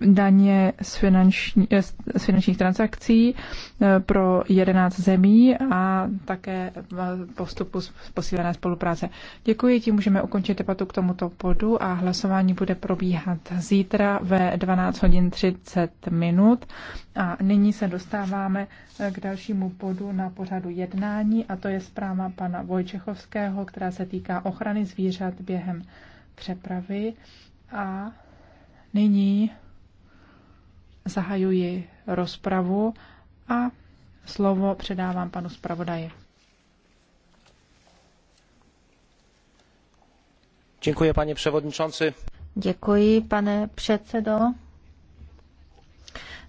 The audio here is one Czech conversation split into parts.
daně z, finanční, eh, z finančních transakcí eh, pro 11 zemí a také postupu posílené spolupráce. Děkuji, tím můžeme ukončit debatu k tomuto bodu a hlasování bude probíhat zítra ve 12 hodin 30 minut. A nyní se dostáváme eh, k dalšímu bodu na pořadu jednání a to je zpráva pana Vojčechovského, která se týká ochrany zvířat během přepravy a nyní zahajuji rozpravu a slovo předávám panu zpravodaji. Děkuji, pane převodničanci. Děkuji, pane předsedo.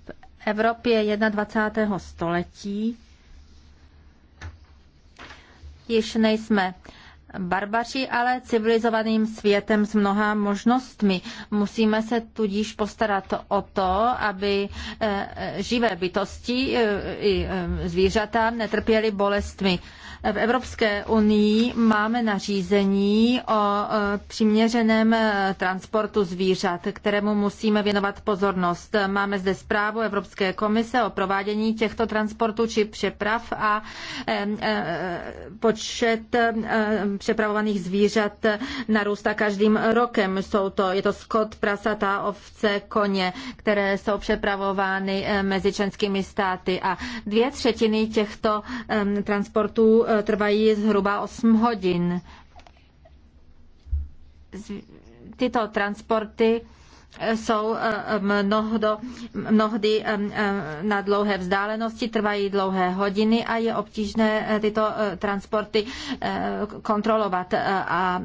V Evropě 21. století již nejsme barbaři, ale civilizovaným světem s mnoha možnostmi. Musíme se tudíž postarat o to, aby eh, eh, živé bytosti eh, i zvířata netrpěly bolestmi. V Evropské unii máme nařízení o přiměřeném transportu zvířat, kterému musíme věnovat pozornost. Máme zde zprávu Evropské komise o provádění těchto transportů či přeprav a počet přepravovaných zvířat narůstá každým rokem. Jsou to, je to skot, prasata, ovce, koně, které jsou přepravovány eh, mezi členskými státy a dvě třetiny těchto transportů eh, trvají zhruba 8 hodin. Tyto transporty jsou eh, mnohdo, mnohdy eh, eh, na dlouhé vzdálenosti, trvají dlouhé hodiny a je obtížné tyto transporty kontrolovat. A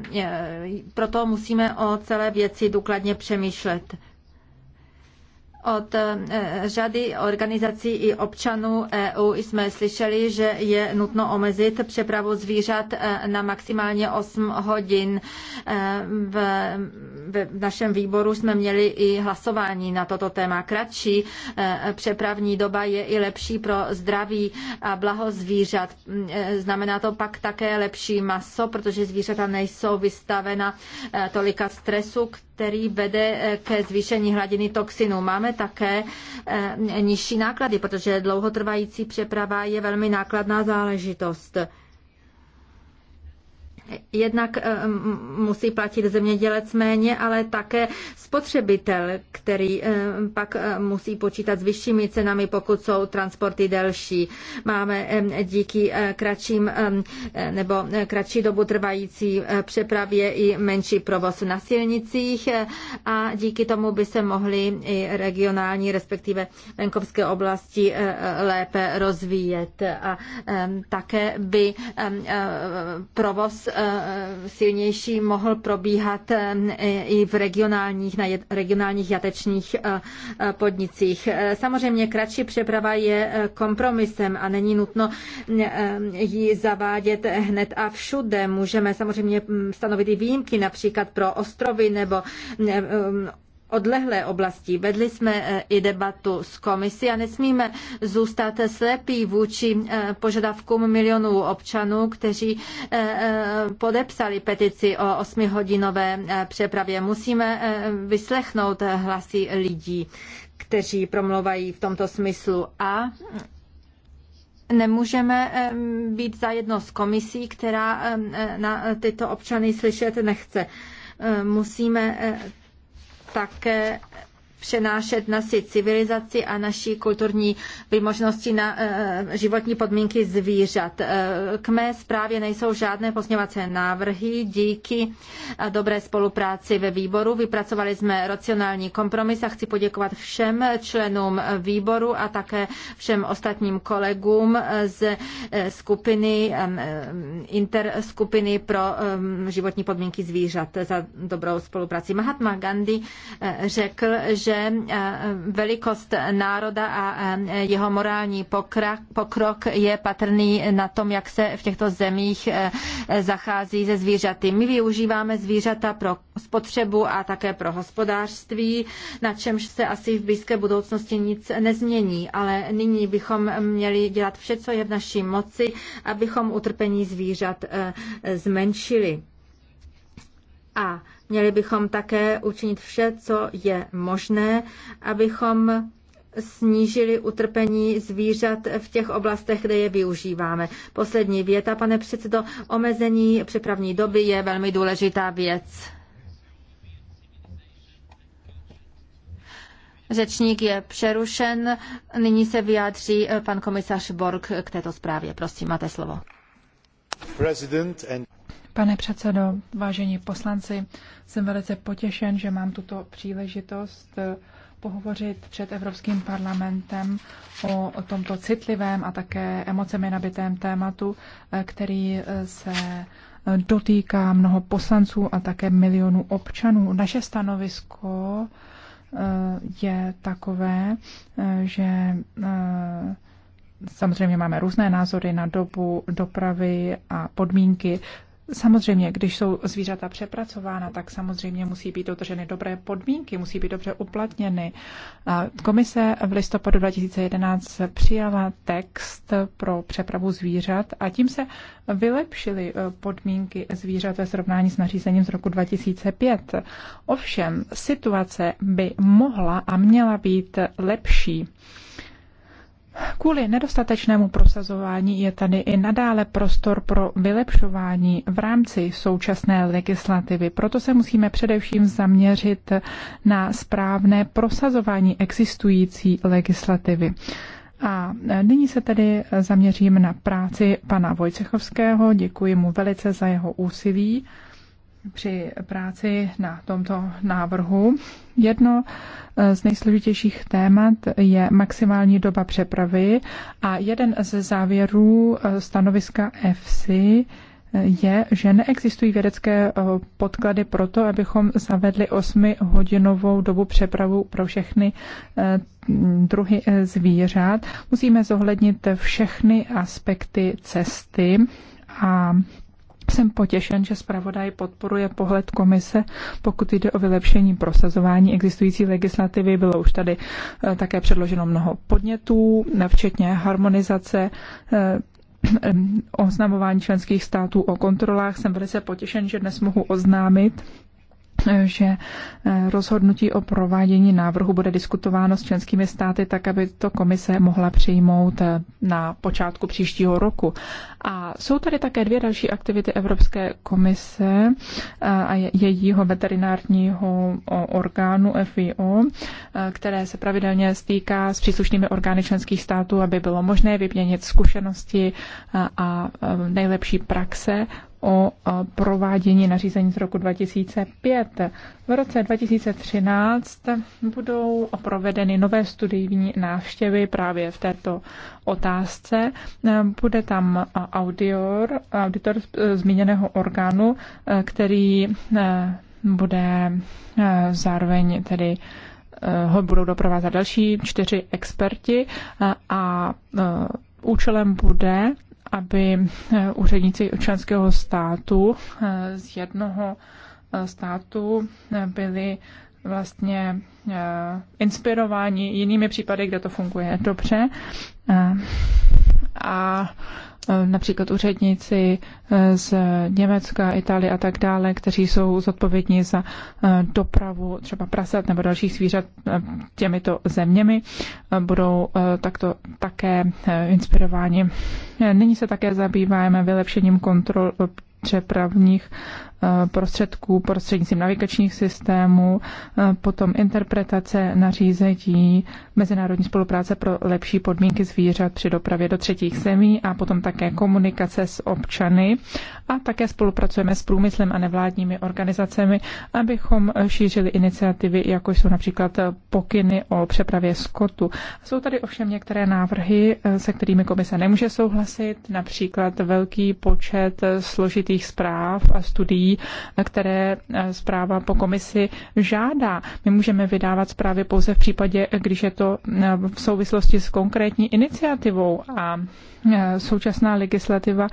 proto musíme o celé věci důkladně přemýšlet. Od eh, řady organizací i občanů EU jsme slyšeli, že je nutno omezit přepravu zvířat eh, na maximálně 8 hodin. Eh, v, v našem výboru jsme měli i hlasování na toto téma. Kratší přepravní doba je i lepší pro zdraví a blaho zvířat. Mm, znamená to pak také lepší maso, protože zvířata nejsou vystavena tolika stresu, který vede eh, ke zvýšení hladiny toxinů. Máme také eh, nižší náklady, protože dlouhotrvající přeprava je velmi nákladná záležitost. Jednak eh, musí platit zemědělec méně, ale také spotřebitel, který eh, pak eh, musí počítat s vyššími cenami, pokud jsou transporty delší. Máme díky kratším nebo kratší dobu trvající přepravě i menší provoz na silnicích a díky tomu by se mohly i regionální, respektive venkovské oblasti lépe rozvíjet. A také by provoz Eh, silnější mohl probíhat eh, i v regionálních, na regionálních jatečních eh, podnicích. Samozřejmě kratší přeprava je kompromisem a není nutno ji zavádět hned a všude. Můžeme samozřejmě mm, stanovit i výjimky například pro ostrovy nebo odlehlé oblasti. Vedli jsme e, i debatu s komisí a nesmíme zůstat slepí vůči e, požadavkům milionů občanů, kteří e, podepsali petici o osmihodinové přepravě. Musíme vyslechnout hlasy lidí, kteří promluvají v tomto smyslu a nemůžeme být zajedno s komisí, která na tyto občany slyšet nechce. Musíme také přenášet naši civilizaci a naší kulturní vymožnosti na eh, životní podmínky zvířat. Eh, k mé zprávě nejsou žádné posměvací návrhy. Díky eh, dobré spolupráci ve výboru vypracovali jsme racionální kompromis a chci poděkovat všem členům výboru a také všem ostatním kolegům z skupiny, interskupiny pro životní podmínky zvířat za dobrou spolupráci. Mahatma Gandhi řekl, že že eh, velikost národa a eh, jeho morální pokrok je patrný na tom, jak se v těchto zemích eh, zachází se zvířaty. My využíváme zvířata pro spotřebu a také pro hospodářství, na čemž se asi v blízké budoucnosti nic nezmění, ale nyní bychom měli dělat vše, co je v naší moci, abychom utrpení zvířat zmenšili. A měli bychom také učinit vše, co je možné, abychom snížili utrpení zvířat v těch oblastech, kde je využíváme. Poslední věta, pane předsedo, omezení přepravní doby je velmi důležitá věc. Řečník je přerušen. Nyní se vyjádří pan komisař Borg k této zprávě. Prosím, máte slovo. Pane předsedo, vážení poslanci, jsem velice potěšen, že mám tuto příležitost eh, pohovořit před Evropským parlamentem o, o tomto citlivém a také emocemi nabitém tématu, eh, který eh, se dotýká mnoho poslanců a také milionů občanů. Naše stanovisko je takové, že Samozřejmě máme různé názory na dobu dopravy a podmínky. Samozřejmě, když jsou zvířata přepracována, tak samozřejmě musí být dodrženy dobré podmínky, musí být dobře uplatněny. Komise v listopadu 2011 přijala text pro přepravu zvířat a tím se vylepšily e, podmínky zvířat ve srovnání s nařízením z roku 2005. Ovšem, situace by mohla a měla být lepší. Kvůli nedostatečnému prosazování je tady i nadále prostor pro vylepšování v rámci současné legislativy. Proto se musíme především zaměřit na správné prosazování existující legislativy. A nyní se tedy zaměřím na práci pana Vojcechovského. Děkuji mu velice za jeho úsilí při práci na tomto návrhu. Jedno eh, z nejsložitějších témat je maximální doba přepravy a jeden ze závěrů eh, stanoviska EFSI eh, je, že neexistují vědecké podklady pro to, abychom zavedli 8-hodinovou dobu přepravu pro všechny druhy zvířat. Musíme zohlednit všechny aspekty cesty a jsem potěšen, že zpravodaj podporuje pohled komise, pokud jde o vylepšení prosazování existující legislativy. Bylo už tady eh, také předloženo mnoho podnětů, včetně harmonizace eh, oznamování členských států o kontrolách. Jsem velice potěšen, že dnes mohu oznámit, že eh, rozhodnutí o provádění návrhu bude diskutováno s členskými státy tak, aby to komise mohla přijmout eh, na počátku příštího roku. A jsou tady také dvě další aktivity Evropské komise eh, a jejího veterinárního orgánu FIO, které se pravidelně stýká s příslušnými orgány členských států, aby bylo možné vyměnit zkušenosti a nejlepší praxe o provádění nařízení z roku 2005. V roce 2013 budou provedeny nové studijní návštěvy právě v této otázce. Bude tam audior, auditor zmíněného orgánu, který e, bude e, zároveň tedy e, ho budou doprovázet další čtyři experti a účelem bude aby eh, úředníci členského státu eh, z jednoho eh, státu byli vlastně inspirováni jinými případy, kde to funguje dobře. A Eh, například úředníci eh, z Německa, Itálie a tak dále, kteří jsou zodpovědní za eh, dopravu třeba prasat nebo dalších zvířat těmito zeměmi, budou takto také inspirováni. Nyní se také zabýváme vylepšením kontrol přepravních Eh, prostředků prostřednictvím navigačních systémů, eh, potom interpretace nařízení, mezinárodní spolupráce pro lepší podmínky zvířat při dopravě do třetích zemí a potom také komunikace s občany a také spolupracujeme s průmyslem a nevládními organizacemi, abychom šířili iniciativy, jako jsou například pokyny o přepravě skotu. Jsou tady ovšem některé návrhy, eh, se kterými komise nemůže souhlasit, například velký počet složitých zpráv a studií které eh, zpráva po komisi žádá. My můžeme vydávat zprávy pouze v případě, když je to eh, v souvislosti s konkrétní iniciativou a eh, současná legislativa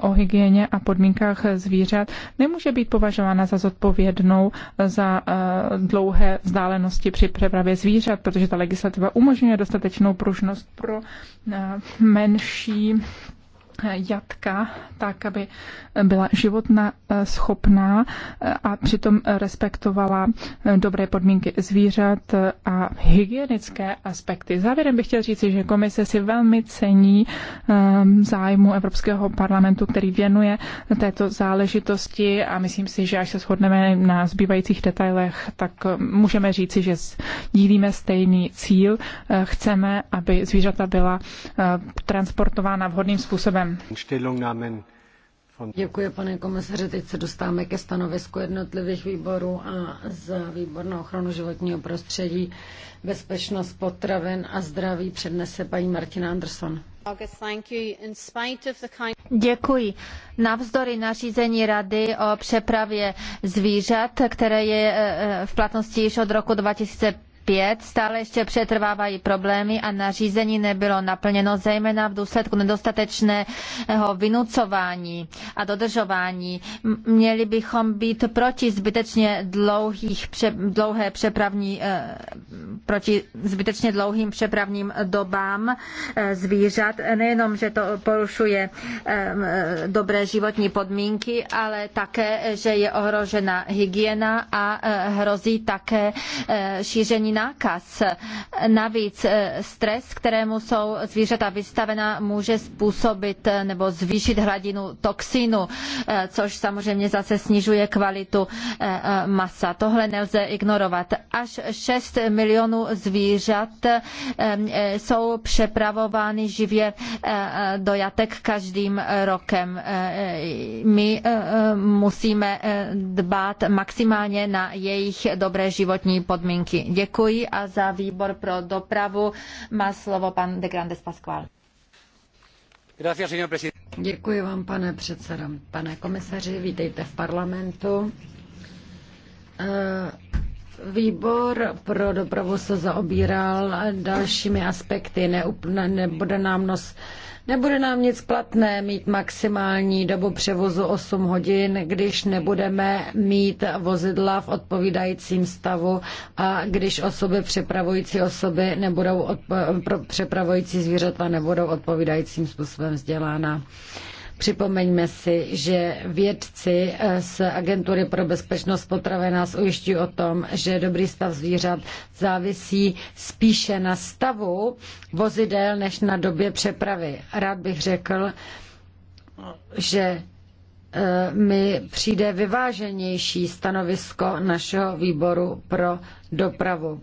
o hygieně a podmínkách zvířat nemůže být považována za zodpovědnou za dlouhé vzdálenosti při přepravě zvířat, protože ta legislativa umožňuje dostatečnou pružnost pro menší jatka, tak aby byla životna eh, schopná eh, a přitom respektovala eh, dobré podmínky zvířat a hygienické aspekty. Závěrem bych chtěl říci, že komise si velmi cení ehm, zájmu Evropského parlamentu, který věnuje této záležitosti a myslím si, že až se shodneme na zbývajících detailech, tak můžeme říci, že dílíme stejný cíl. Chceme, aby zvířata byla transportována vhodným způsobem Děkuji, pane komisaři. Teď se dostáváme ke stanovisku jednotlivých výborů a za výbor na ochranu životního prostředí, bezpečnost potravin a zdraví přednese paní Martina Anderson. Děkuji. Navzdory nařízení Rady o přepravě zvířat, které je eh, eh, v platnosti již od roku 2005, 5 stále ještě přetrvávají problémy a nařízení nebylo naplněno, zejména v důsledku nedostatečného vynucování a dodržování. Měli bychom být proti zbytečně dlouhých, dlouhé přepravní, eh, proti zbytečně dlouhým přepravním dobám eh, zvířat. Nejenom, že to porušuje eh, dobré životní podmínky, ale také, že je ohrožena hygiena a hrozí také šíření nákaz. Navíc eh, stres, kterému jsou zvířata vystavena, může způsobit eh, nebo zvýšit hladinu toxinů, eh, což samozřejmě zase snižuje kvalitu masa. Tohle nelze ignorovat. Až 6 milionů zvířat jsou přepravovány živě dojatek každým rokem. My musíme dbát maximálně na jejich dobré životní podmínky. Děkuji. Děkuji a za výbor pro dopravu má slovo pan de Grandes Pascual. Děkuji vám, pane předsedo. Pane komisaři, vítejte v parlamentu. Eh, výbor pro dopravu se zaobíral dalšími aspekty. Nebude nám nos Nebude nám nic platné mít maximální dobu převozu 8 hodin, když nebudeme mít vozidla v odpovídajícím stavu a když osoby přepravující osoby nebudou odpo- přepravující zvířata nebudou odpovídajícím způsobem vzdělána. Připomeňme si, že vědci eh, z Agentury pro bezpečnost potravy nás ujišťují o tom, že dobrý stav zvířat závisí spíše na stavu vozidel než na době přepravy. Rád bych řekl, že eh, mi přijde vyváženější stanovisko našeho výboru pro dopravu.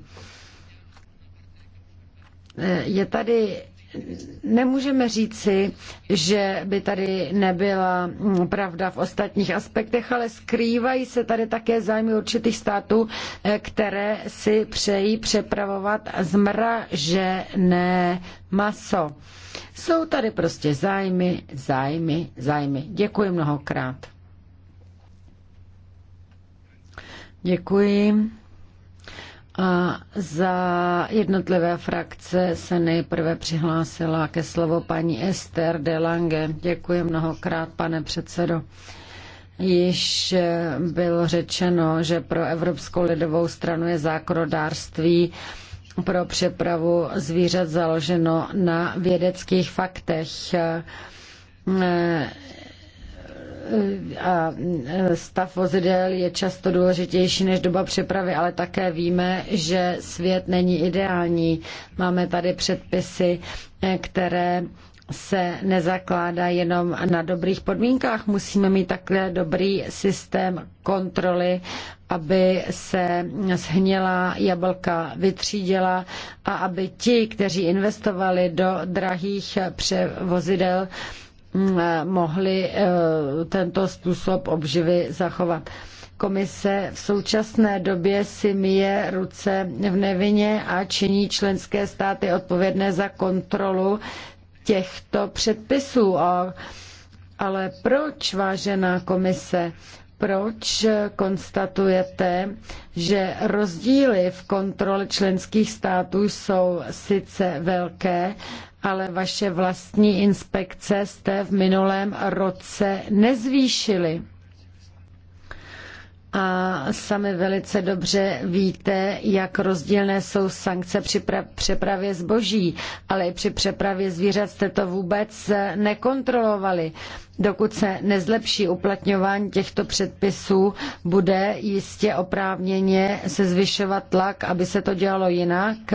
Eh, je tady Nemůžeme říci, že by tady nebyla pravda v ostatních aspektech, ale skrývají se tady také zájmy určitých států, eh, které si přejí přepravovat zmražené maso. Jsou tady prostě zájmy, zájmy, zájmy. Děkuji mnohokrát. Děkuji. A za jednotlivé frakce se nejprve přihlásila ke slovo paní Ester de Lange. Děkuji mnohokrát, pane předsedo. Již eh, bylo řečeno, že pro Evropskou lidovou stranu je zákonodárství pro přepravu zvířat založeno na vědeckých faktech eh, a stav vozidel je často důležitější než doba přepravy, ale také víme, že svět není ideální. Máme tady předpisy, eh, které se nezakládá jenom na dobrých podmínkách. Musíme mít takhle dobrý systém kontroly, aby se shnilá jablka vytřídila a aby ti, kteří investovali do drahých převozidel, Mm, eh, mohli eh, tento způsob obživy zachovat. Komise v současné době si myje ruce v nevině a činí členské státy odpovědné za kontrolu těchto předpisů. Ale proč, vážená komise, proč konstatujete, že rozdíly v kontrole členských států jsou sice velké, ale vaše vlastní inspekce jste v minulém roce nezvýšili. A sami velice dobře víte, jak rozdílné jsou sankce při přepravě zboží, ale i při přepravě zvířat jste to vůbec nekontrolovali. Dokud se nezlepší uplatňování těchto předpisů, bude jistě oprávněně se zvyšovat tlak, aby se to dělalo jinak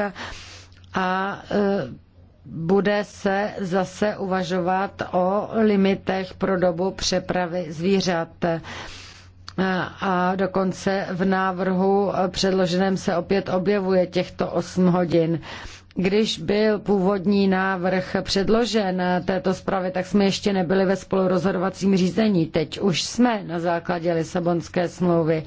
a e, bude se zase uvažovat o limitech pro dobu přepravy zvířat. A dokonce v návrhu předloženém se opět objevuje těchto 8 hodin. Když byl původní návrh předložen této zprávy, tak jsme ještě nebyli ve spolurozhodovacím řízení. Teď už jsme na základě Lisabonské smlouvy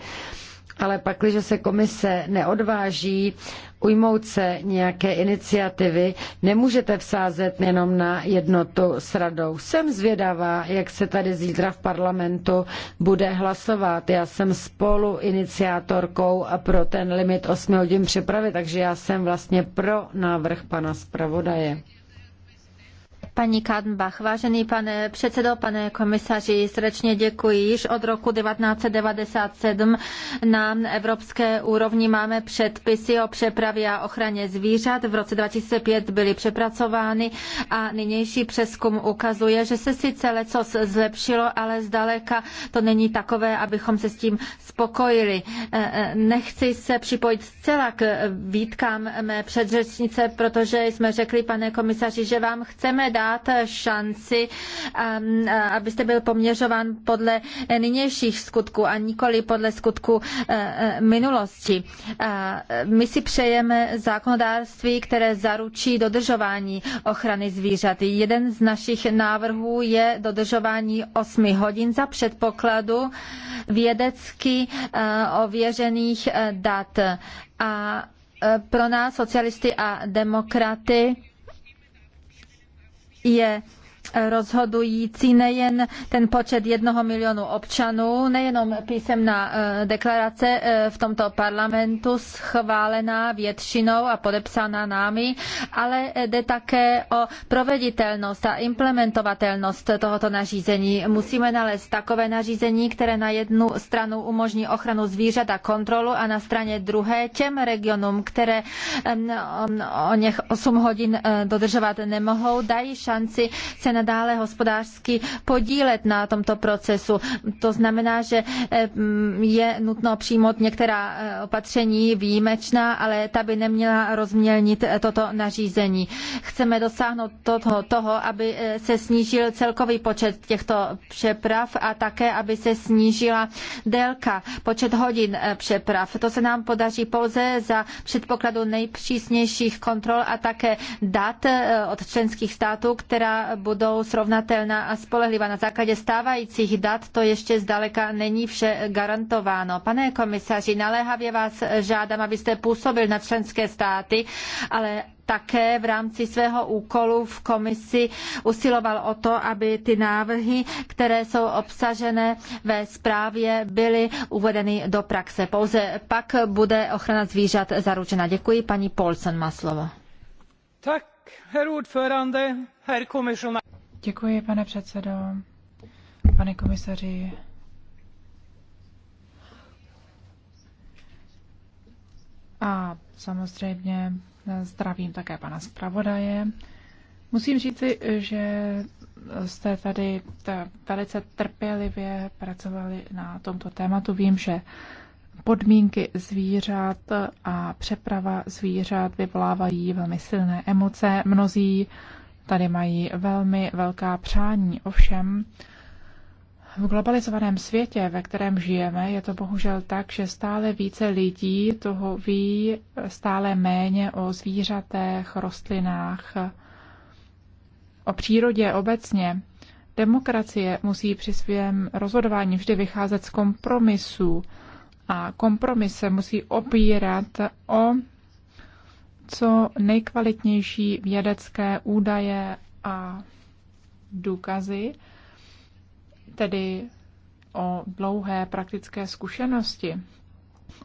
ale pakliže se komise neodváží ujmout se nějaké iniciativy, nemůžete vsázet jenom na jednotu s radou. Jsem zvědavá, jak se tady zítra v parlamentu bude hlasovat. Já jsem spolu iniciátorkou pro ten limit 8 hodin přepravy, takže já jsem vlastně pro návrh pana zpravodaje. Paní Kadenbach, vážený pane předsedo, pane komisaři, srdečně děkuji. Již od roku 1997 na evropské úrovni máme předpisy o přepravě a ochraně zvířat. V roce 2005 byly přepracovány a nynější přeskum ukazuje, že se sice lecos zlepšilo, ale zdaleka to není takové, abychom se s tím spokojili. E, e, nechci se připojit zcela k výtkám mé předřečnice, protože jsme řekli, pane komisaři, že vám chceme dát dát šanci, um, abyste byl poměřován podle nynějších skutků a nikoli podle skutku uh, uh, minulosti. Uh, my si přejeme zákonodárství, které zaručí dodržování ochrany zvířat. Jeden z našich návrhů je dodržování 8 hodin za předpokladu vědecky ověřených dat. A pro nás, socialisty a demokraty, je rozhodující nejen ten počet jednoho milionu občanů, nejenom písemná eh, deklarace eh, v tomto parlamentu schválená většinou a podepsána námi, ale eh, jde také o proveditelnost a implementovatelnost tohoto nařízení. Musíme nalézt takové nařízení, které na jednu stranu umožní ochranu zvířat a kontrolu a na straně druhé těm regionům, které o něch 8 hodin dodržovat nemohou, dají šanci se nadále hospodářsky podílet na tomto procesu. To znamená, že mm, je nutno přijmout některá e, opatření výjimečná, ale ta by neměla rozmělnit toto nařízení. Chceme dosáhnout toho, toho aby e, se snížil celkový počet těchto přeprav a také, aby se snížila délka, počet hodin e, přeprav. To se nám podaří pouze za předpokladu nejpřísnějších kontrol a také dat od členských států, která budou metodou srovnatelná a spolehlivá. Na základě stávajících dat to ještě zdaleka není vše garantováno. Pane komisaři, naléhavě vás žádám, abyste působil na členské státy, ale také v rámci svého úkolu v komisi usiloval o to, aby ty návrhy, které jsou obsažené ve zprávě, byly uvedeny do praxe. Pouze pak bude ochrana zvířat zaručena. Děkuji, paní Polson má slovo. Tak, Děkuji, pane předsedo, pane komisaři. A samozřejmě zdravím také pana zpravodaje. Musím říci, že jste tady velice trpělivě pracovali na tomto tématu. Vím, že podmínky zvířat a přeprava zvířat vyvolávají velmi silné emoce. Mnozí tady mají velmi velká přání. Ovšem, v globalizovaném světě, ve kterém žijeme, je to bohužel tak, že stále více lidí toho ví stále méně o zvířatech, rostlinách, o přírodě obecně. Demokracie musí při svém rozhodování vždy vycházet z kompromisů a kompromis se musí opírat o co nejkvalitnější vědecké údaje a důkazy, tedy o dlouhé praktické zkušenosti.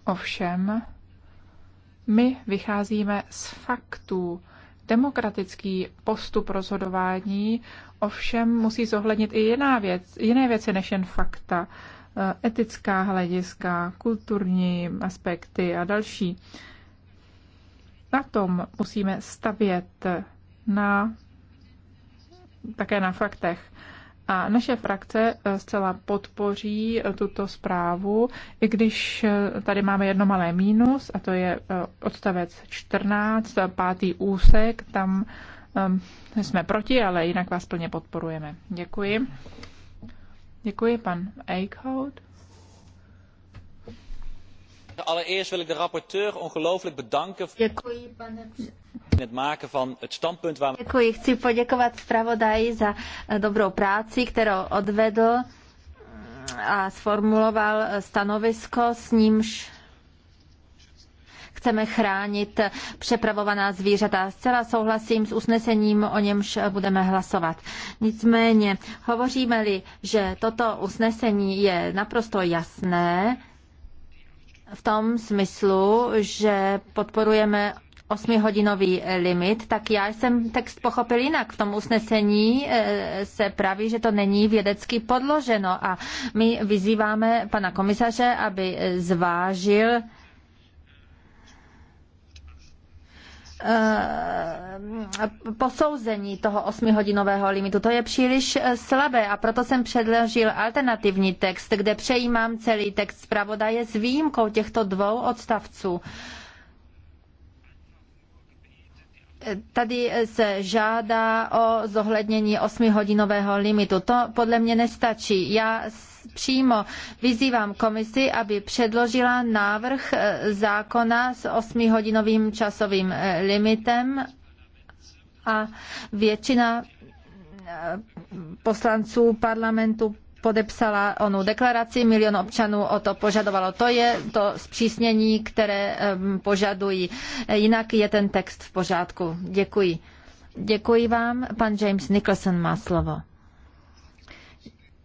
Ovšem, my vycházíme z faktů. Demokratický postup rozhodování ovšem musí zohlednit i jiná věc, jiné věci než jen fakta. Eh, etická hlediska, kulturní aspekty a další. Na tom musíme stavět na, také na faktech. A naše frakce eh, zcela podpoří eh, tuto zprávu, i když tady máme jedno malé mínus, a to je odstavec 14, pátý úsek, tam jsme proti, ale jinak vás plně podporujeme. Děkuji. Děkuji, pan Eichhout. Allereerst wil ik de rapporteur ongelooflijk bedanken. pane Děkuji, chci poděkovat zpravodaji za eh, dobrou práci, kterou odvedl mm, a sformuloval eh, stanovisko, s nímž chceme chránit přepravovaná zvířata. Zcela souhlasím s usnesením, o němž budeme hlasovat. Nicméně, hovoříme-li, že toto usnesení je naprosto jasné, v tom smyslu, že podporujeme osmihodinový limit, tak já jsem text pochopil jinak. V tom usnesení e, se praví, že to není vědecky podloženo a my vyzýváme pana komisaře, aby e, zvážil Eh, posouzení toho osmihodinového limitu. To je příliš eh, slabé a proto jsem předložil alternativní text, kde přejímám celý text zpravodaje s výjimkou těchto dvou odstavců. Tady se žádá o zohlednění osmihodinového limitu. To podle mě nestačí. Já přímo vyzývám komisi, aby předložila návrh eh, zákona s osmihodinovým časovým eh, limitem a většina eh, poslanců parlamentu podepsala onu deklaraci, milion občanů o to požadovalo. To je to zpřísnění, které ehm, požadují. Jinak je ten text v pořádku. Děkuji. Děkuji vám. Pan James Nicholson má slovo.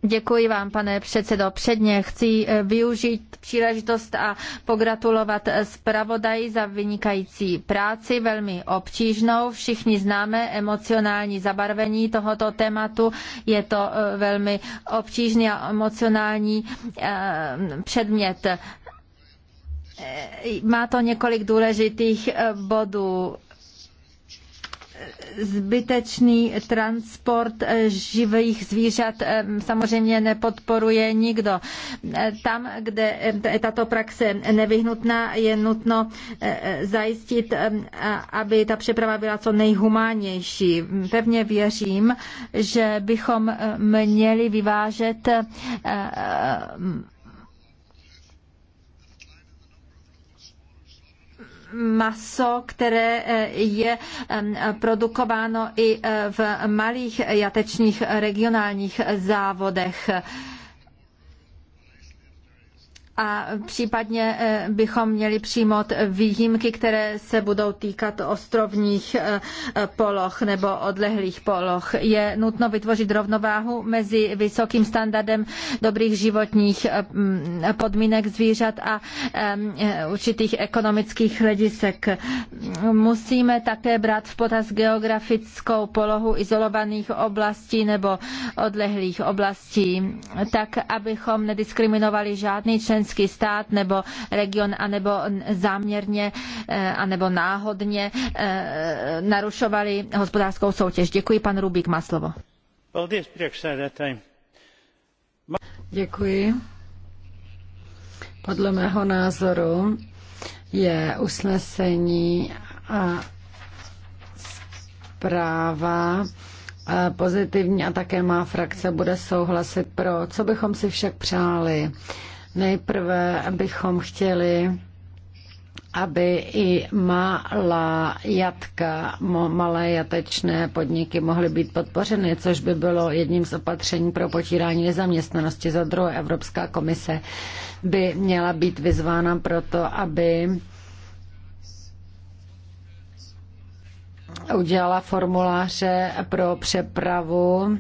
Děkuji vám, pane předsedo. Předně chci eh, využít příležitost a pogratulovat eh, zpravodaji za vynikající práci, velmi obtížnou. Všichni známe emocionální zabarvení tohoto tématu. Je to eh, velmi obtížný a emocionální předmět. Má to několik důležitých bodů zbytečný transport eh, živých zvířat eh, samozřejmě nepodporuje nikdo. Eh, tam, kde je tato praxe nevyhnutná, je nutno zajistit, aby ta přeprava byla co nejhumánější. Pevně věřím, že bychom měli vyvážet maso, které eh, je produkováno i eh, v malých jatečných regionálních závodech a případně eh, bychom měli přijmout výjimky, které se budou týkat ostrovních eh, poloh nebo odlehlých poloh. Je nutno vytvořit rovnováhu mezi vysokým standardem dobrých životních eh, mm, podmínek zvířat a určitých ekonomických hledisek. Musíme také brát v potaz geografickou polohu izolovaných oblastí nebo odlehlých oblastí, tak abychom nediskriminovali žádný členský členský stát nebo region, anebo záměrně, eh, anebo náhodně eh, narušovali hospodářskou soutěž. Děkuji, pan Rubík má slovo. Děkuji. Podle mého názoru je usnesení a zpráva eh, pozitivní a také má frakce bude souhlasit pro. Co bychom si však přáli? Nejprve bychom chtěli aby i malá jatka, malé jatečné podniky mohly být podpořeny, což by bylo jedním z opatření pro potírání nezaměstnanosti. Za druhé, Evropská komise by měla být vyzvána proto, aby udělala formuláře pro přepravu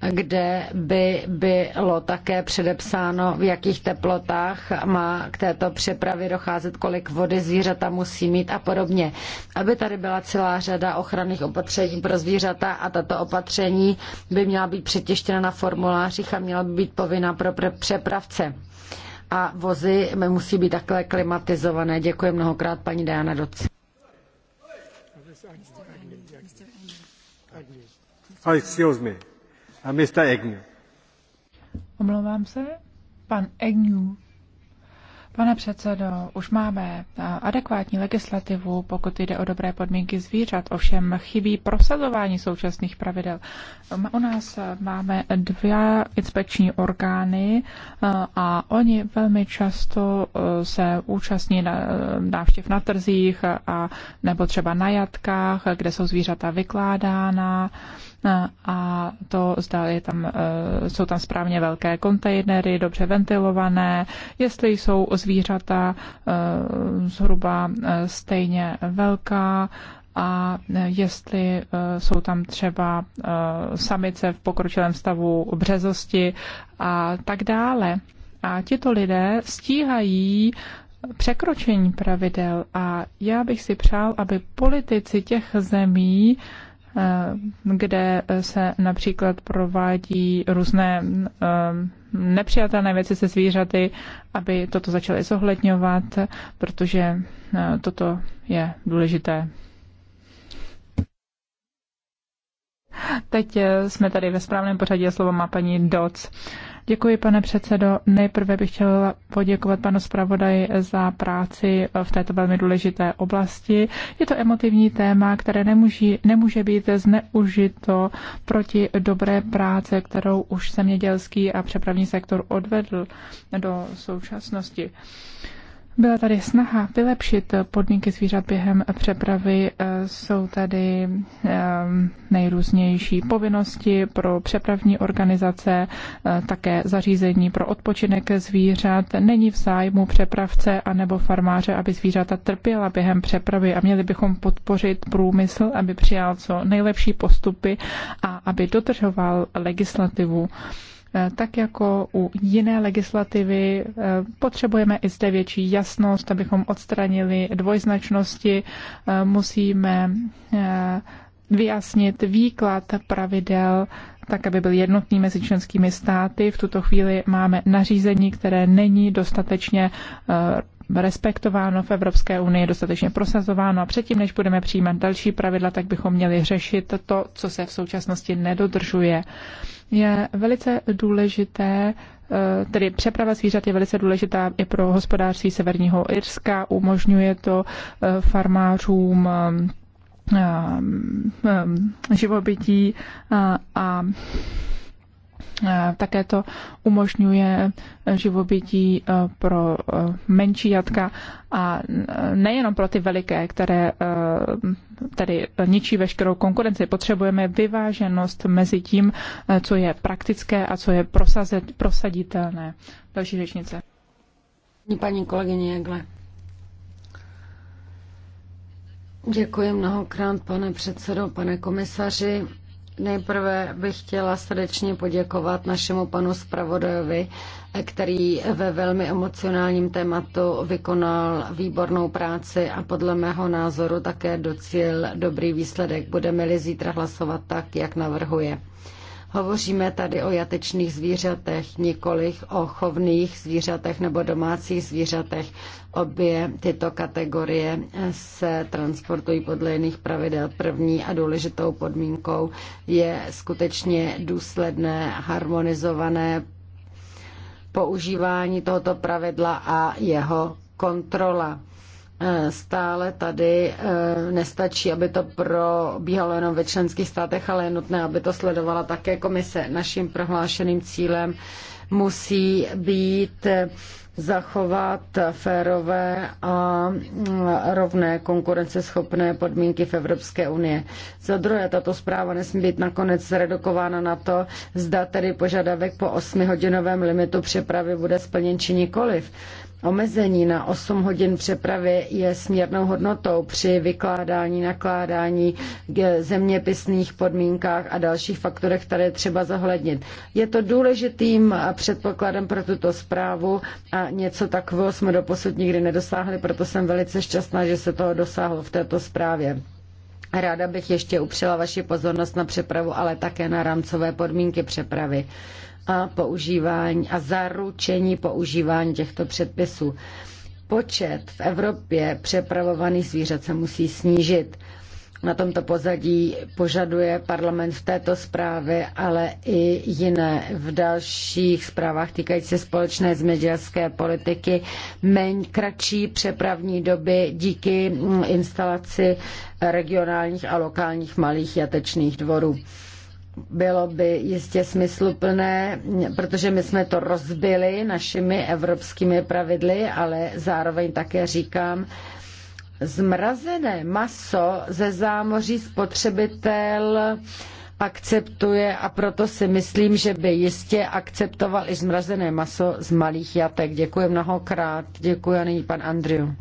kde by bylo také předepsáno, v jakých teplotách má k této přepravě docházet, kolik vody zvířata musí mít a podobně. Aby tady byla celá řada ochranných opatření pro zvířata a tato opatření by měla být přetěštěna na formulářích a měla by být povinná pro přepravce. A vozy musí být takhle klimatizované. Děkuji mnohokrát paní Diana Doc. excuse me. A Mr. Agnew. Omlouvám se. Pan Agnew. Pane předsedo, už máme eh, adekvátní legislativu, pokud jde o dobré podmínky zvířat, ovšem chybí prosazování současných pravidel. U nás eh, máme dva inspekční orgány eh, a oni velmi často se účastní na návštěv na trzích a nebo třeba na jatkách, kde jsou zvířata vykládána Eh, a to zda je tam, eh, jsou tam správně velké kontejnery, dobře ventilované, jestli jsou zvířata eh, zhruba stejně velká, a jestli jsou tam třeba samice v pokročilém stavu březosti a tak dále. A tito lidé stíhají překročení pravidel a já bych si přál, aby politici těch zemí Eh, kde se například provádí různé eh, nepřijatelné věci se zvířaty, aby toto začaly zohledňovat, protože eh, toto je důležité. Teď jsme tady ve správném pořadí a slovo má paní Doc. Děkuji, pane předsedo. Nejprve bych chtěla poděkovat panu zpravodaji za práci v této velmi důležité oblasti. Je to emotivní téma, které nemůže, nemůže být zneužito proti dobré práce, kterou už zemědělský a přepravní sektor odvedl do současnosti. Byla tady snaha vylepšit podmínky zvířat během přepravy. Jsou tady ehm, nejrůznější povinnosti pro přepravní organizace, eh, také zařízení pro odpočinek zvířat. Není v zájmu přepravce anebo farmáře, aby zvířata trpěla během přepravy a měli bychom podpořit průmysl, aby přijal co nejlepší postupy a aby dodržoval legislativu. Eh, tak jako u jiné legislativy eh, potřebujeme i zde větší jasnost, abychom odstranili dvojznačnosti. Eh, musíme vyjasnit výklad pravidel tak, aby byl jednotný mezi členskými státy. V tuto chvíli máme nařízení, které není dostatečně respektováno v Evropské unii, dostatečně prosazováno a předtím, než budeme přijímat další pravidla, tak bychom měli řešit to, co se v současnosti nedodržuje. Je velice důležité eh, tedy přeprava zvířat je velice důležitá i pro hospodářství Severního Irska. Umožňuje to eh, farmářům eh, živobytí a také to umožňuje eh, živobytí eh, pro eh, menší jatka a nejenom pro ty veliké, které tedy ničí veškerou konkurenci. Potřebujeme vyváženost mezi tím, co je praktické a co je prosazet, prosaditelné. Další řečnice. Paní kolegyně Jegle. Děkuji mnohokrát, pane předsedo, pane komisaři. Nejprve bych chtěla srdečně poděkovat našemu panu zpravodajovi, který ve velmi emocionálním tématu vykonal výbornou práci a podle mého názoru také docíl dobrý výsledek. Budeme-li zítra hlasovat tak, jak navrhuje. Hovoříme tady o jatečných zvířatech, nikoli o chovných zvířatech nebo domácích zvířatech. Obě tyto kategorie se transportují podle jiných pravidel. První a důležitou podmínkou je skutečně důsledné, harmonizované používání tohoto pravidla a jeho kontrola Eh, stále tady eh, nestačí, aby to probíhalo jenom ve členských státech, ale je nutné, aby to sledovala také komise. Naším prohlášeným cílem musí být eh, zachovat férové a mm, rovné konkurenceschopné podmínky v Evropské unie. Za druhé, tato zpráva nesmí být nakonec zredukována na to, zda tedy požadavek po osmihodinovém limitu přepravy bude splněn či nikoliv. Omezení na 8 hodin přepravy je směrnou hodnotou při vykládání, nakládání, zeměpisných podmínkách a dalších faktorech, které třeba zohlednit. Je to důležitým předpokladem pro tuto zprávu a něco takového jsme doposud nikdy nedosáhli, proto jsem velice šťastná, že se toho dosáhlo v této zprávě. Ráda bych ještě upřela vaši pozornost na přepravu, ale také na rámcové podmínky přepravy a používání a zaručení používání těchto předpisů. Počet v Evropě přepravovaných zvířat se musí snížit. Na tomto pozadí požaduje parlament v této zprávě, ale i jiné v dalších zprávách týkající se společné zemědělské politiky méně kratší přepravní doby díky instalaci regionálních a lokálních malých jatečných dvorů bylo by jistě smysluplné, protože my jsme to rozbili našimi evropskými pravidly, ale zároveň také říkám, zmrazené maso ze zámoří spotřebitel akceptuje a proto si myslím, že by jistě akceptoval i zmrazené maso z malých jatek. Děkuji mnohokrát. Děkuji a nyní pan Andriu.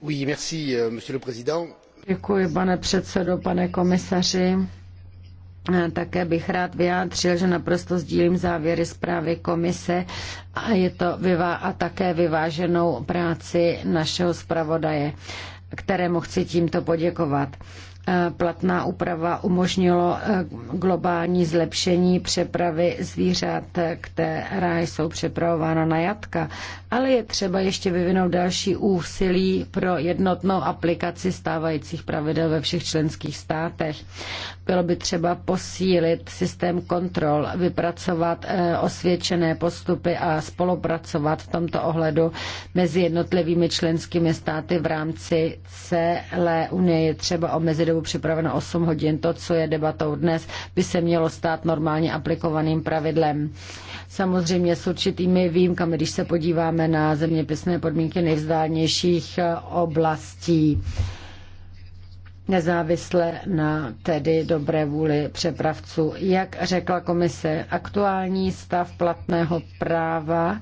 Oui, merci, euh, monsieur le président. Děkuji, pane předsedo, pane komisaři. Také bych rád vyjádřil, že naprosto sdílím závěry zprávy komise a, je to vyvá a také vyváženou práci našeho zpravodaje, kterému chci tímto poděkovat platná úprava umožnilo eh, globální zlepšení přepravy zvířat, která jsou přepravována na jatka, ale je třeba ještě vyvinout další úsilí pro jednotnou aplikaci stávajících pravidel ve všech členských státech. Bylo by třeba posílit systém kontrol, vypracovat eh, osvědčené postupy a spolupracovat v tomto ohledu mezi jednotlivými členskými státy v rámci celé unie. Je třeba omezit legislativu připraveno 8 hodin. To, co je debatou dnes, by se mělo stát normálně aplikovaným pravidlem. Samozřejmě s určitými výjimkami, když se podíváme na zeměpisné podmínky nejvzdálnějších eh, oblastí nezávisle na tedy dobré vůli přepravců. Jak řekla komise, aktuální stav platného práva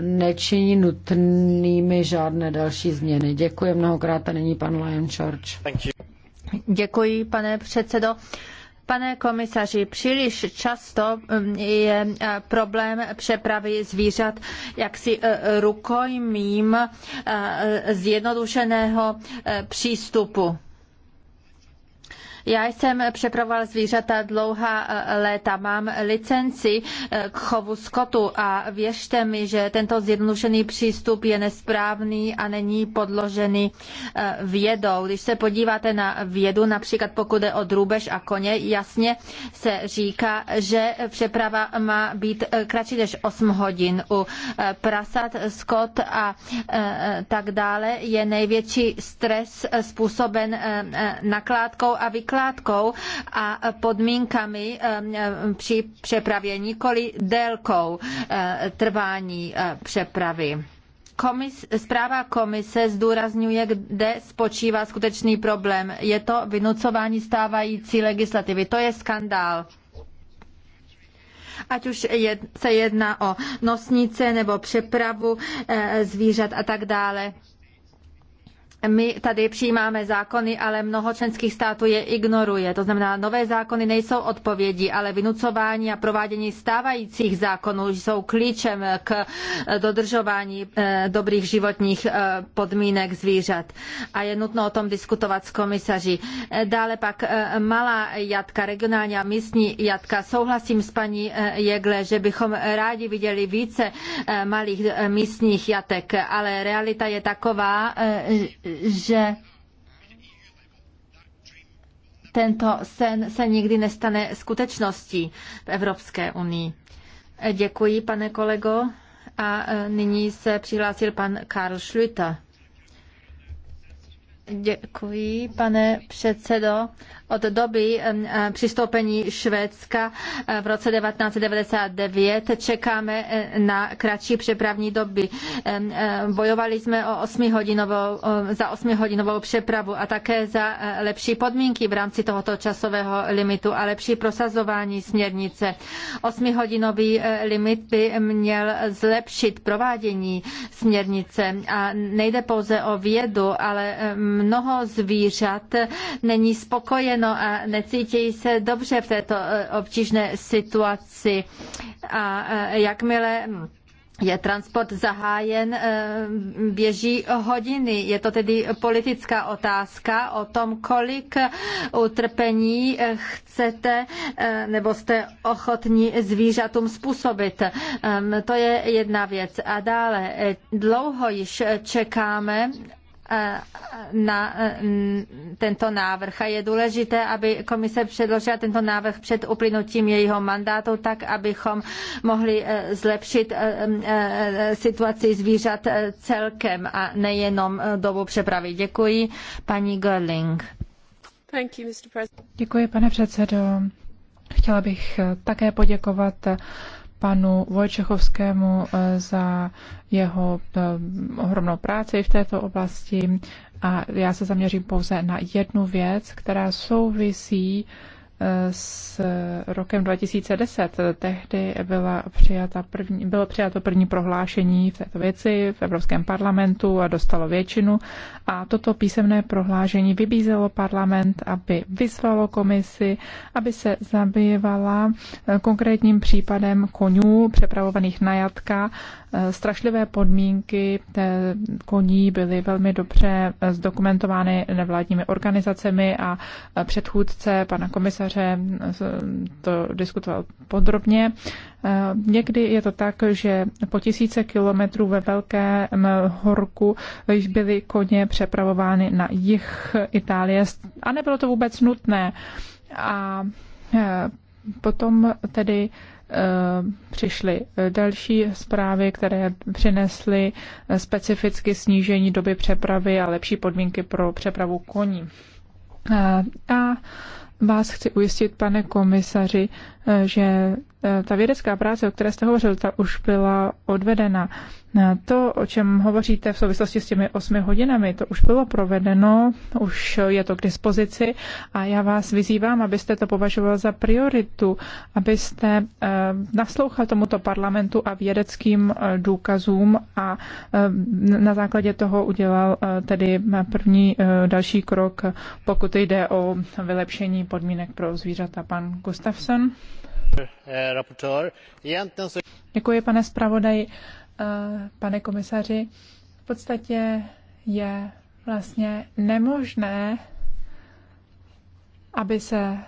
nečiní nutnými žádné další změny. Děkuji mnohokrát a nyní pan Lion Church. Děkuji, pane předsedo. Pane komisaři, příliš často mm, je eh, problém přepravy zvířat jaksi eh, rukojmím eh, zjednodušeného přístupu já jsem přepravoval zvířata dlouhá e, léta, mám licenci e, k chovu skotu a věřte mi, že tento zjednodušený přístup je nesprávný a není podložený e, vědou. Když se podíváte na vědu, například pokud je o drůbež a koně, jasně se říká, že přeprava má být kratší než 8 hodin. U prasat, skot a tak dále je největší stres způsoben nakládkou a vykládkou vykládkou a podmínkami při přepravě, nikoli délkou eh, trvání eh, přepravy. Komis, zpráva komise zdůrazňuje, kde spočívá skutečný problém. Je to vynucování stávající legislativy. To je skandál ať už je, se jedná o nosnice nebo přepravu e, zvířat a tak dále my tady přijímáme zákony, ale mnoho členských států je ignoruje. To znamená, nové zákony nejsou odpovědi, ale vynucování a provádění stávajících zákonů jsou klíčem k eh, dodržování eh, dobrých životních eh, podmínek zvířat. A je nutno o tom diskutovat s komisaři. Dále pak malá jatka, regionální a místní jatka. Souhlasím s paní Jegle, že bychom rádi viděli více malých místních jatek, ale realita je taková, že tento sen se nikdy nestane skutečností v Evropské unii. Děkuji, pane kolego. A e, nyní se přihlásil pan Karl Schlüter. Děkuji, pane předsedo od doby e, přistoupení Švédska e, v roce 1999 čekáme e, na kratší přepravní doby. Bojovali jsme o 8 hodinovou, za 8 hodinovou přepravu a také za lepší podmínky v rámci tohoto časového limitu a lepší prosazování směrnice. 8 hodinový limit by měl zlepšit provádění směrnice a nejde pouze o vědu, ale mnoho zvířat není spokojen No a necítí se dobře v této e, obtížné situaci. A e, jakmile je transport zahájen, e, běží hodiny. Je to tedy politická otázka o tom, kolik utrpení chcete nebo jste ochotní zvířatům způsobit. To je jedna věc. A dále dlouho již čekáme na eh, tento návrh. A je důležité, aby komise předložila tento návrh před uplynutím jejího mandátu, tak abychom mohli eh, zlepšit eh, situaci zvířat celkem a nejenom dobu přepravy. Děkuji, paní Görling. Děkuji, pane předsedo. Chtěla bych také poděkovat panu Vojčechovskému eh, za jeho eh, ohromnou práci v této oblasti a já se zaměřím pouze na jednu věc, která souvisí uh, s rokem 2010. Tehdy byla přijata první, bylo přijato první prohlášení v této věci v Evropském parlamentu a dostalo většinu. A toto písemné prohlášení vybízelo parlament, aby vyzvalo komisi, aby se zabývala eh, konkrétním případem konňů přepravovaných na jatka. Eh, strašlivé podmínky té koní byly velmi dobře eh, zdokumentovány nevládními organizacemi a předchůdce pana komisaře komentáře to diskutoval podrobně. Eh, někdy je to tak, že po tisíce kilometrů ve Velkém horku již byly koně přepravovány na jih Itálie a nebylo to vůbec nutné. A eh, potom tedy eh, přišly další zprávy, které přinesly specificky snížení doby přepravy a lepší podmínky pro přepravu koní. A vás chci ujistit, pane komisaři, eh, že eh, ta vědecká práce, o které jste hovořil, ta už byla odvedena. To, o čem hovoříte v souvislosti s těmi osmi hodinami, to už bylo provedeno, už je to k dispozici a já vás vyzývám, abyste to považoval za prioritu, abyste eh, naslouchal tomuto parlamentu a vědeckým eh, důkazům a eh, na základě toho udělal tedy první další krok, pokud jde o vylepšení podmínek pro zvířata. Pan Gustafsson. Děkuji, pane zpravodaji. Eh, pane komisaři, v podstatě je vlastně nemožné, aby se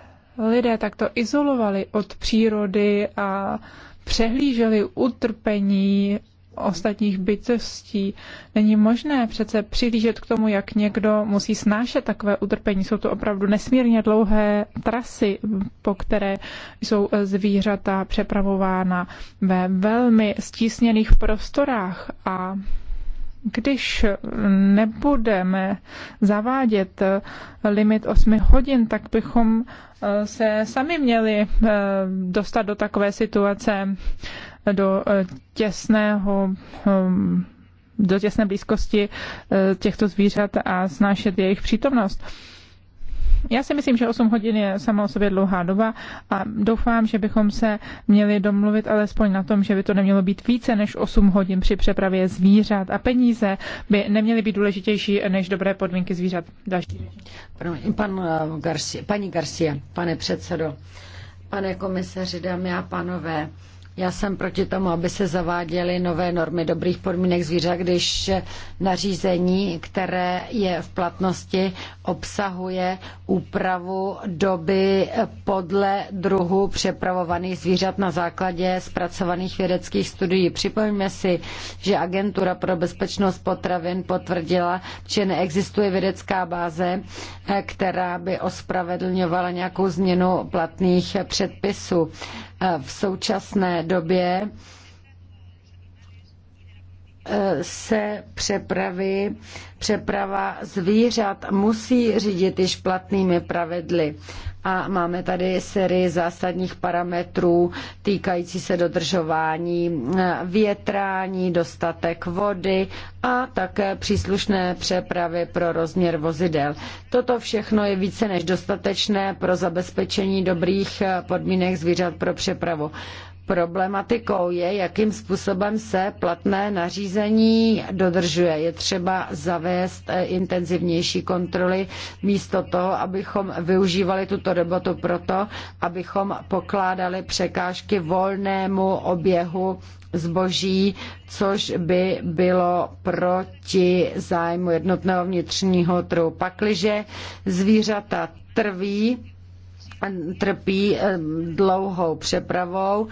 lidé takto izolovali od přírody a přehlíželi utrpení ostatních bytostí. Není možné přece přihlížet k tomu, jak někdo musí snášet takové utrpení. Jsou to opravdu nesmírně dlouhé trasy, po které jsou zvířata přepravována ve velmi stísněných prostorách a když nebudeme zavádět limit 8 hodin, tak bychom se sami měli eh, dostat do takové situace do eh, těsného ehm, do těsné blízkosti eh, těchto zvířat a snášet jejich přítomnost. Já si myslím, že 8 hodin je sama o sobě dlouhá doba a doufám, že bychom se měli domluvit alespoň na tom, že by to nemělo být více než 8 hodin při přepravě zvířat a peníze by neměly být důležitější než dobré podmínky zvířat. Další. Pan eh, Garcia, paní Garcia, pane předsedo, pane komisaři, dámy a pánové, já jsem proti tomu, aby se zaváděly nové normy dobrých podmínek zvířat, když nařízení, které je v platnosti, obsahuje úpravu doby podle druhu přepravovaných zvířat na základě zpracovaných vědeckých studií. Připomeňme si, že Agentura pro bezpečnost potravin potvrdila, že neexistuje vědecká báze, která by ospravedlňovala nějakou změnu platných předpisů. V současné době eh, se přepravy, přeprava zvířat musí řídit již platnými pravidly. A máme tady sérii zásadních parametrů týkající se dodržování eh, větrání, dostatek vody a také příslušné přepravy pro rozměr vozidel. Toto všechno je více než dostatečné pro zabezpečení dobrých eh, podmínek zvířat pro přepravu. Problematikou je, jakým způsobem se platné nařízení dodržuje. Je třeba zavést eh, intenzivnější kontroly místo toho, abychom využívali tuto debatu proto, abychom pokládali překážky volnému oběhu zboží, což by bylo proti zájmu jednotného vnitřního trhu. Pakliže zvířata trví, trpí eh, dlouhou přepravou,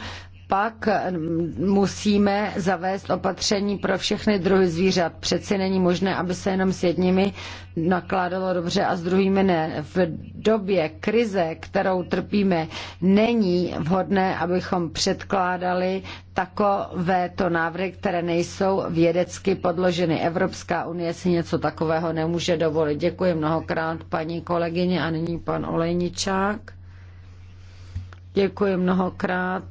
pak eh, musíme zavést opatření pro všechny druhy zvířat. Přeci není možné, aby se jenom s jedními nakládalo dobře a s druhými ne. V době krize, kterou trpíme, není vhodné, abychom předkládali takovéto návrhy, které nejsou vědecky podloženy. Evropská unie si něco takového nemůže dovolit. Děkuji mnohokrát paní kolegyně a nyní pan Olejničák. Děkuji mnohokrát,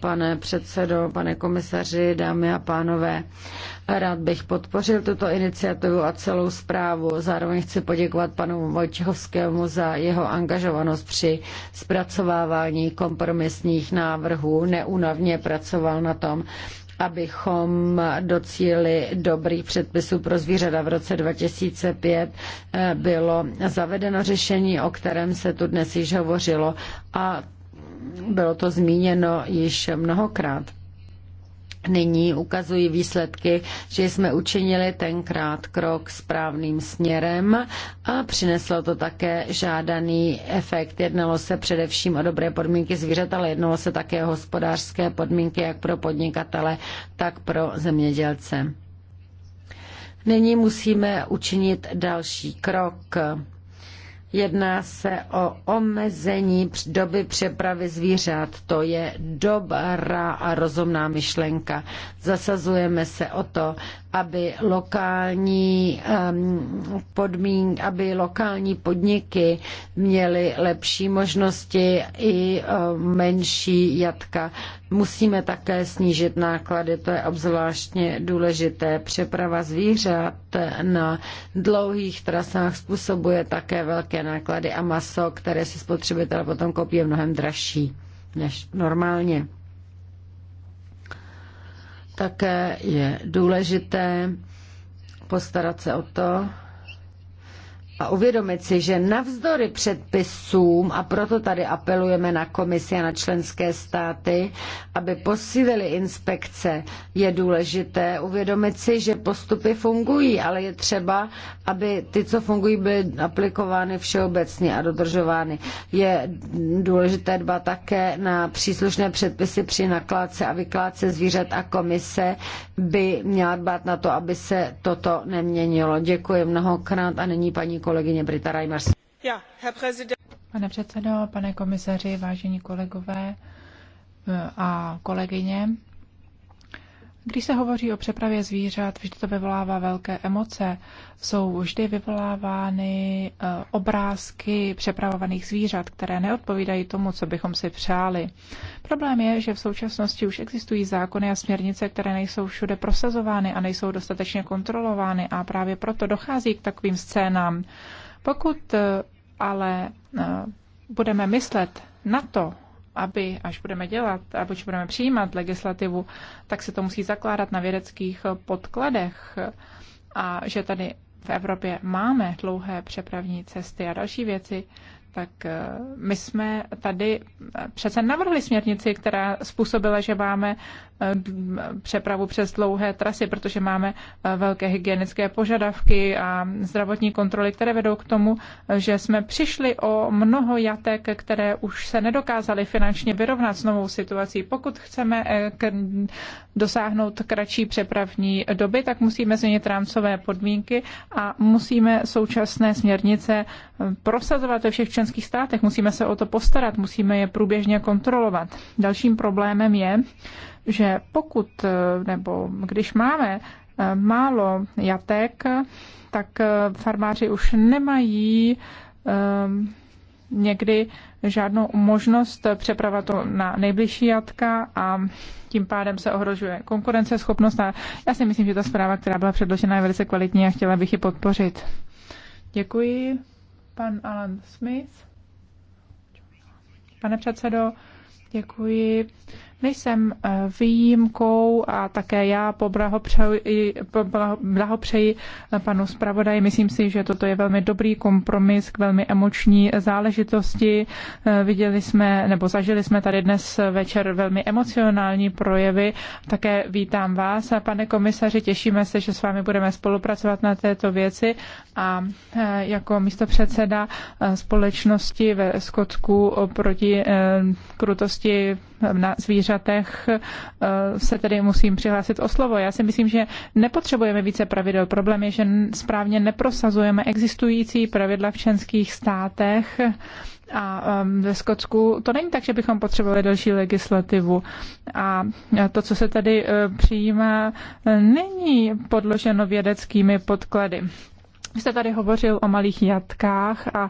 pane předsedo, pane komisaři, dámy a pánové. Rád bych podpořil tuto iniciativu a celou zprávu. Zároveň chci poděkovat panu Vojčechovskému za jeho angažovanost při zpracovávání kompromisních návrhů. Neúnavně pracoval na tom, abychom docílili dobrých předpisů pro zvířata. V roce 2005 eh, bylo zavedeno řešení, o kterém se tu dnes již hovořilo a bylo to zmíněno již mnohokrát. Nyní ukazují výsledky, že jsme učinili tenkrát krok správným směrem a přineslo to také žádaný efekt. Jednalo se především o dobré podmínky zvířat, ale jednalo se také o hospodářské podmínky jak pro podnikatele, tak pro zemědělce. Nyní musíme učinit další krok Jedná se o omezení doby přepravy zvířat. To je dobrá a rozumná myšlenka. Zasazujeme se o to, aby lokální, um, podmín, aby lokální podniky měly lepší možnosti i um, menší jatka Musíme také snížit náklady, to je obzvláštně důležité. Přeprava zvířat na dlouhých trasách způsobuje také velké náklady a maso, které si spotřebitel potom koupí, je mnohem dražší než normálně. Také je důležité postarat se o to, a uvědomit si, že navzdory předpisům, a proto tady apelujeme na komisi a na členské státy, aby posílili inspekce, je důležité uvědomit si, že postupy fungují, ale je třeba, aby ty, co fungují, byly aplikovány všeobecně a dodržovány. Je důležité dba také na příslušné předpisy při nakládce a vykládce zvířat a komise by měla dbát na to, aby se toto neměnilo. Děkuji mnohokrát a nyní paní kolegyně Brita Reimers. Pane předsedo, pane komisaři, vážení kolegové e, a kolegyně, když se hovoří o přepravě zvířat, vždy to vyvolává velké emoce. Jsou vždy vyvolávány eh, obrázky přepravovaných zvířat, které neodpovídají tomu, co bychom si přáli. Problém je, že v současnosti už existují zákony a směrnice, které nejsou všude prosazovány a nejsou dostatečně kontrolovány a právě proto dochází k takovým scénám. Pokud eh, ale eh, budeme myslet na to, aby, až budeme dělat, až budeme přijímat legislativu, tak se to musí zakládat na vědeckých podkladech a že tady v Evropě máme dlouhé přepravní cesty a další věci, tak eh, my jsme tady přece navrhli směrnici, která způsobila, že máme eh, přepravu přes dlouhé trasy, protože máme eh, velké hygienické požadavky a zdravotní kontroly, které vedou k tomu, že jsme přišli o mnoho jatek, které už se nedokázaly finančně vyrovnat s novou situací. Pokud chceme dosáhnout kratší přepravní doby, tak musíme změnit rámcové podmínky a musíme současné směrnice prosazovat ve všech členských členských státech. Musíme se o to postarat, musíme je průběžně kontrolovat. Dalším problémem je, že pokud eh, nebo když máme eh, málo jatek, tak eh, farmáři už nemají někdy žádnou možnost přepravat to na nejbližší jatka a tím pádem se ohrožuje konkurenceschopnost a já si myslím, že ta zpráva, která byla předložena, je velice kvalitní a chtěla bych ji podpořit. Děkuji. Pan Alan Smith. Pane předsedo, děkuji. Nejsem eh, výjimkou a také já poblahopřeji, eh, panu zpravodaji. Myslím si, že toto je velmi dobrý kompromis k velmi emoční záležitosti. Eh, viděli jsme nebo zažili jsme tady dnes večer velmi emocionální projevy. Také vítám vás, pane komisaři. Těšíme se, že s vámi budeme spolupracovat na této věci a jako místo předseda společnosti ve Skotsku proti krutosti na zvířat úřadech eh, se tedy musím přihlásit o slovo. Já si myslím, že nepotřebujeme více pravidel. Problém je, že správně neprosazujeme existující pravidla v členských státech a ve Skotsku to není tak, že bychom potřebovali další legislativu. A to, co se tady eh, přijímá, není podloženo vědeckými podklady. Vy jste tady hovořil o malých jatkách a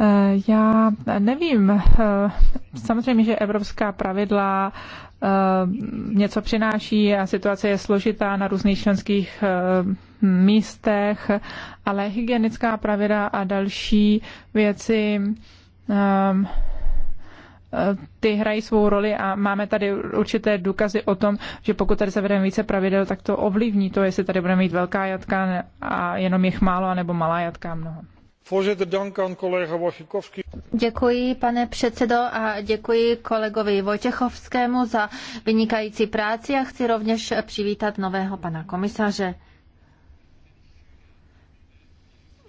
Eh, já nevím. Eh, samozřejmě, že evropská pravidla eh, něco přináší a situace je složitá na různých členských místech, ale hygienická pravidla a další věci ty hrají svou roli a máme tady určité důkazy o tom, že pokud tady zavedeme více pravidel, tak to ovlivní to, jestli tady budeme mít velká jatka a jenom jich málo, anebo malá jatka a mnoho. Děkuji, pane předsedo, a děkuji kolegovi Vojtěchovskému za vynikající práci a chci rovněž přivítat nového pana komisaře.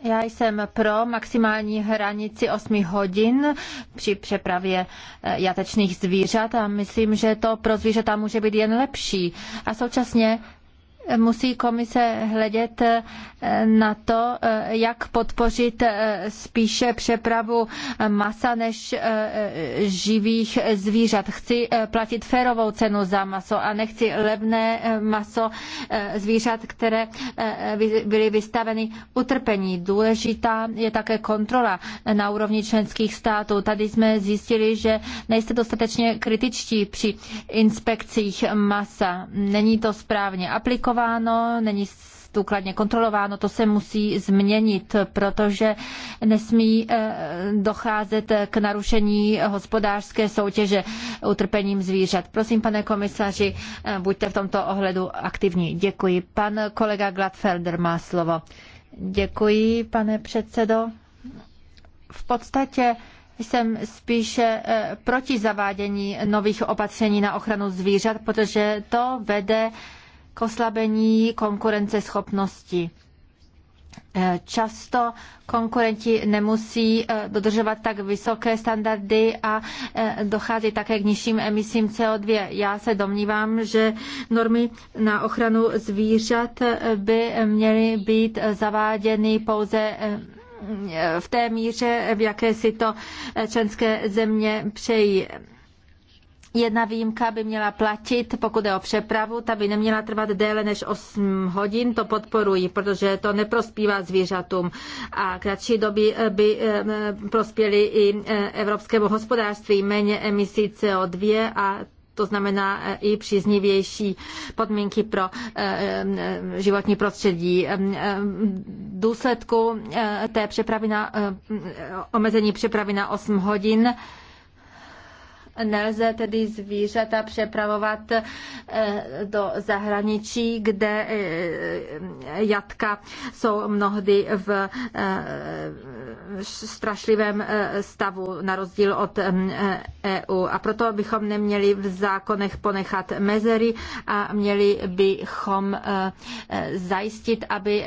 Já jsem pro maximální hranici 8 hodin při přepravě eh, jatečných zvířat a myslím, že to pro zvířata může být jen lepší. A současně musí komise hledět eh, na to, eh, jak podpořit eh, spíše přepravu masa než živých zvířat. Chci platit férovou cenu za maso a nechci levné maso zvířat, které byly vystaveny utrpení. Důležitá je také kontrola na úrovni členských států. Tady jsme zjistili, že nejste dostatečně kritičtí při inspekcích masa. Není to správně aplikované zachováno, není důkladně kontrolováno, to se musí změnit, protože nesmí eh, docházet k narušení hospodářské soutěže utrpením zvířat. Prosím, pane komisaři, eh, buďte v tomto ohledu aktivní. Děkuji. Pan kolega Gladfelder má slovo. Děkuji, pane předsedo. V podstatě jsem spíše eh, proti zavádění nových opatření na ochranu zvířat, protože to vede k oslabení konkurenceschopnosti. Eh, často konkurenti nemusí eh, dodržovat tak vysoké standardy a eh, dochází také k nižším emisím CO2. Já se domnívám, že normy na ochranu zvířat by měly být zaváděny pouze v té míře, v jaké si to členské země přejí. Jedna výjimka by měla platit, pokud je o přepravu, ta by neměla trvat déle než 8 hodin, to podporuji, protože to neprospívá zvířatům a kratší doby eh, by eh, eh, prospěly i evropskému hospodářství, méně emisí CO2 a to znamená i příznivější podmínky pro životní prostředí. V důsledku té přepravy na, omezení přepravy na 8 hodin Nelze tedy zvířata přepravovat eh, do zahraničí, kde eh, jatka jsou mnohdy v eh, strašlivém stavu, na rozdíl od EU. E a proto bychom neměli v zákonech ponechat mezery a měli bychom zajistit, aby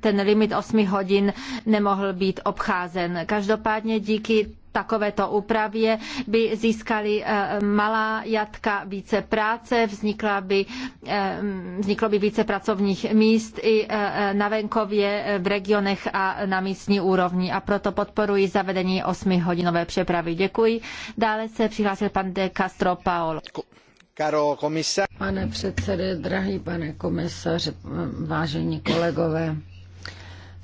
ten limit 8 hodin nemohl být obcházen. Každopádně díky takovéto úpravě by získali eh, malá jatka více práce, vznikla by, eh, vzniklo by více pracovních míst i eh, na venkově, v regionech a na místní úrovni. A proto podporuji zavedení 8-hodinové přepravy. Děkuji. Dále se přihlásil pan de Castro Paolo. Pane předsede, drahý pane komisaře, vážení kolegové,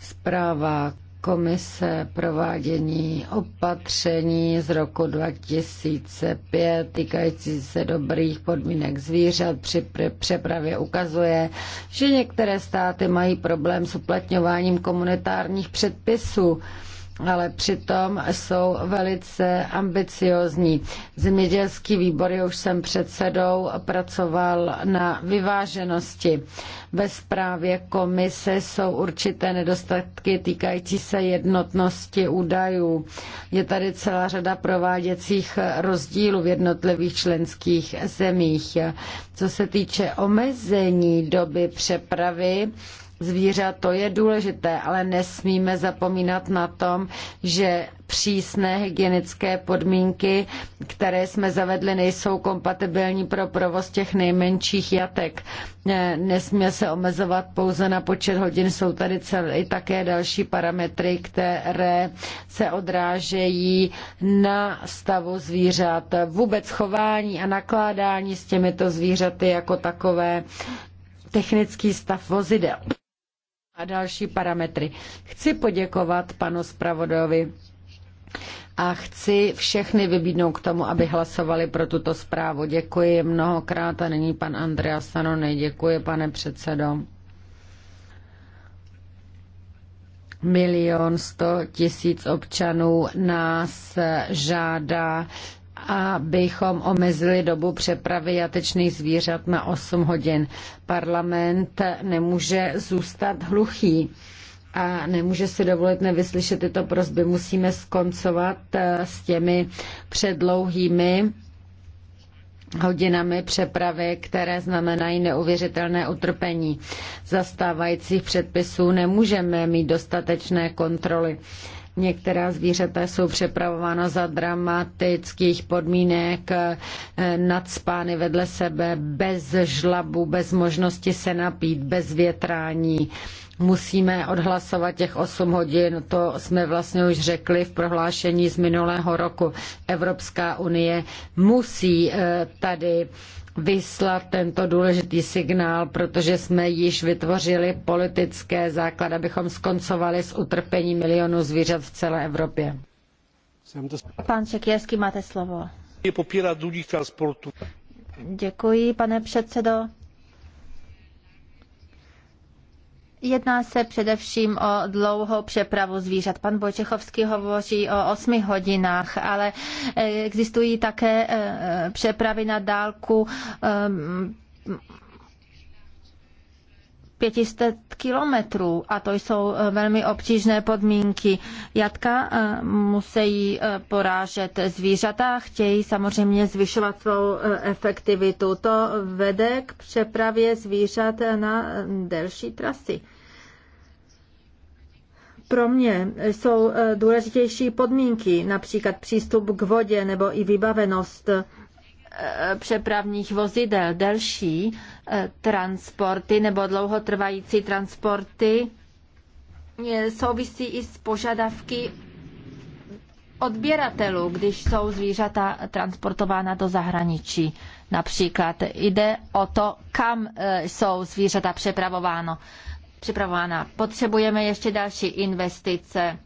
zpráva komise provádění opatření z roku 2005 týkající se dobrých podmínek zvířat při přepravě ukazuje, že některé státy mají problém s uplatňováním komunitárních předpisů ale přitom jsou velice ambiciozní. Zemědělský výbor, už jsem předsedou, pracoval na vyváženosti. Ve zprávě komise jsou určité nedostatky týkající se jednotnosti údajů. Je tady celá řada prováděcích rozdílů v jednotlivých členských zemích. Co se týče omezení doby přepravy, zvířat, to je důležité, ale nesmíme zapomínat na tom, že přísné hygienické podmínky, které jsme zavedli, nejsou kompatibilní pro provoz těch nejmenších jatek. Nesmí se omezovat pouze na počet hodin, jsou tady celé, i také další parametry, které se odrážejí na stavu zvířat. Vůbec chování a nakládání s těmito zvířaty jako takové technický stav vozidel a další parametry. Chci poděkovat panu zpravodajovi a chci všechny vybídnout k tomu, aby hlasovali pro tuto zprávu. Děkuji mnohokrát a není pan Andrea Sanone. Děkuji, pane předsedo. Milion sto tisíc občanů nás žádá abychom omezili dobu přepravy jatečných zvířat na 8 hodin. Parlament nemůže zůstat hluchý a nemůže si dovolit nevyslyšet tyto prozby. Musíme skoncovat eh, s těmi předlouhými hodinami přepravy, které znamenají neuvěřitelné utrpení. Zastávajících předpisů nemůžeme mít dostatečné kontroly Některá zvířata jsou přepravována za dramatických podmínek, eh, nadspány vedle sebe, bez žlabu, bez možnosti se napít, bez větrání musíme odhlasovat těch 8 hodin, to jsme vlastně už řekli v prohlášení z minulého roku. Evropská unie musí eh, tady vyslat tento důležitý signál, protože jsme již vytvořili politické základ, abychom skoncovali s utrpením milionů zvířat v celé Evropě. Pan Čekěvský, máte slovo. Je popírat důlích transportu. Děkuji, pane předsedo. Jedná se především o dlouhou přepravu zvířat. Pan Bojčechovský hovoří o 8 hodinách, ale eh, existují také eh, přepravy na dálku 500 eh, kilometrů a to jsou velmi obtížné podmínky. Jatka musí porážet zvířata, chtějí samozřejmě zvyšovat svou efektivitu. To vede k přepravě zvířat na delší trasy. Pro mě jsou eh, důležitější podmínky, například přístup k vodě nebo i vybavenost eh, přepravních vozidel, delší eh, transporty nebo dlouhotrvající transporty souvisí i s požadavky odběratelů, když jsou zvířata transportována do zahraničí. Například jde o to, kam jsou zvířata přepravováno připravována. Potřebujeme ještě další investice.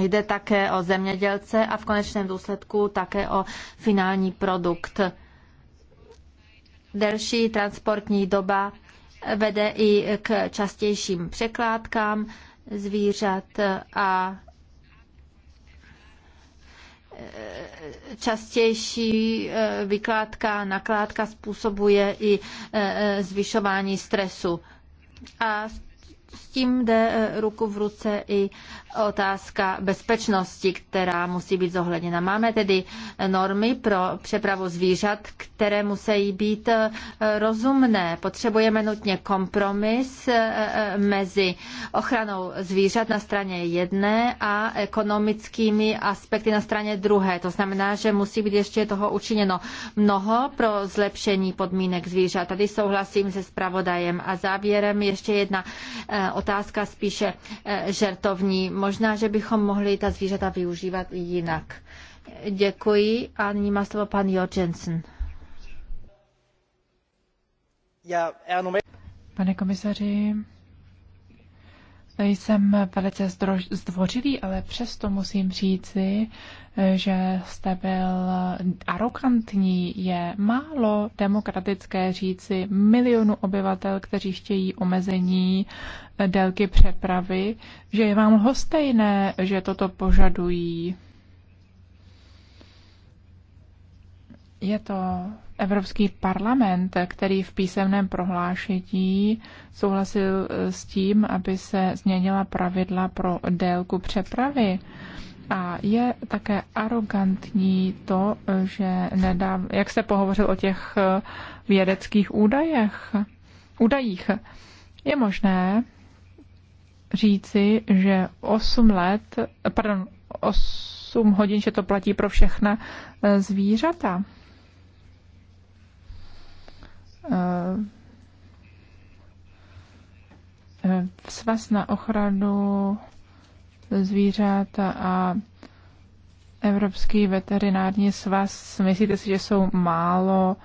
Jde také o zemědělce a v konečném důsledku také o finální produkt. Delší transportní doba vede i k častějším překládkám zvířat a e, častější e, vykládka, nakládka způsobuje i e, zvyšování stresu a s tím jde e, ruku v ruce i otázka bezpečnosti, která musí být zohledněna. Máme tedy normy pro přepravu zvířat, které musí být e, rozumné. Potřebujeme nutně kompromis e, mezi ochranou zvířat na straně jedné a ekonomickými aspekty na straně druhé. To znamená, že musí být ještě toho učiněno mnoho pro zlepšení podmínek zvířat. Tady souhlasím se spravodajem. A závěrem ještě jedna otázka spíše eh, žertovní. Možná, že bychom mohli ta zvířata využívat i jinak. Děkuji a nyní má slovo pan Jorgensen. Pane komisaři, jsem velice zdvořilý, ale přesto musím říci, že jste byl arrogantní. Je málo demokratické říci milionu obyvatel, kteří chtějí omezení délky přepravy, že je vám hostejné, že toto požadují. Je to Evropský parlament, který v písemném prohlášení souhlasil eh, s tím, aby se změnila pravidla pro délku přepravy. A je také arrogantní to, eh, že nedá, jak jste pohovořil o těch eh, vědeckých údajech, údajích, je možné říci, že 8 let, pardon, 8 hodin, že to platí pro všechna zvířata. Eh, svaz na ochranu zvířat a Evropský veterinární svaz, myslíte si, že jsou málo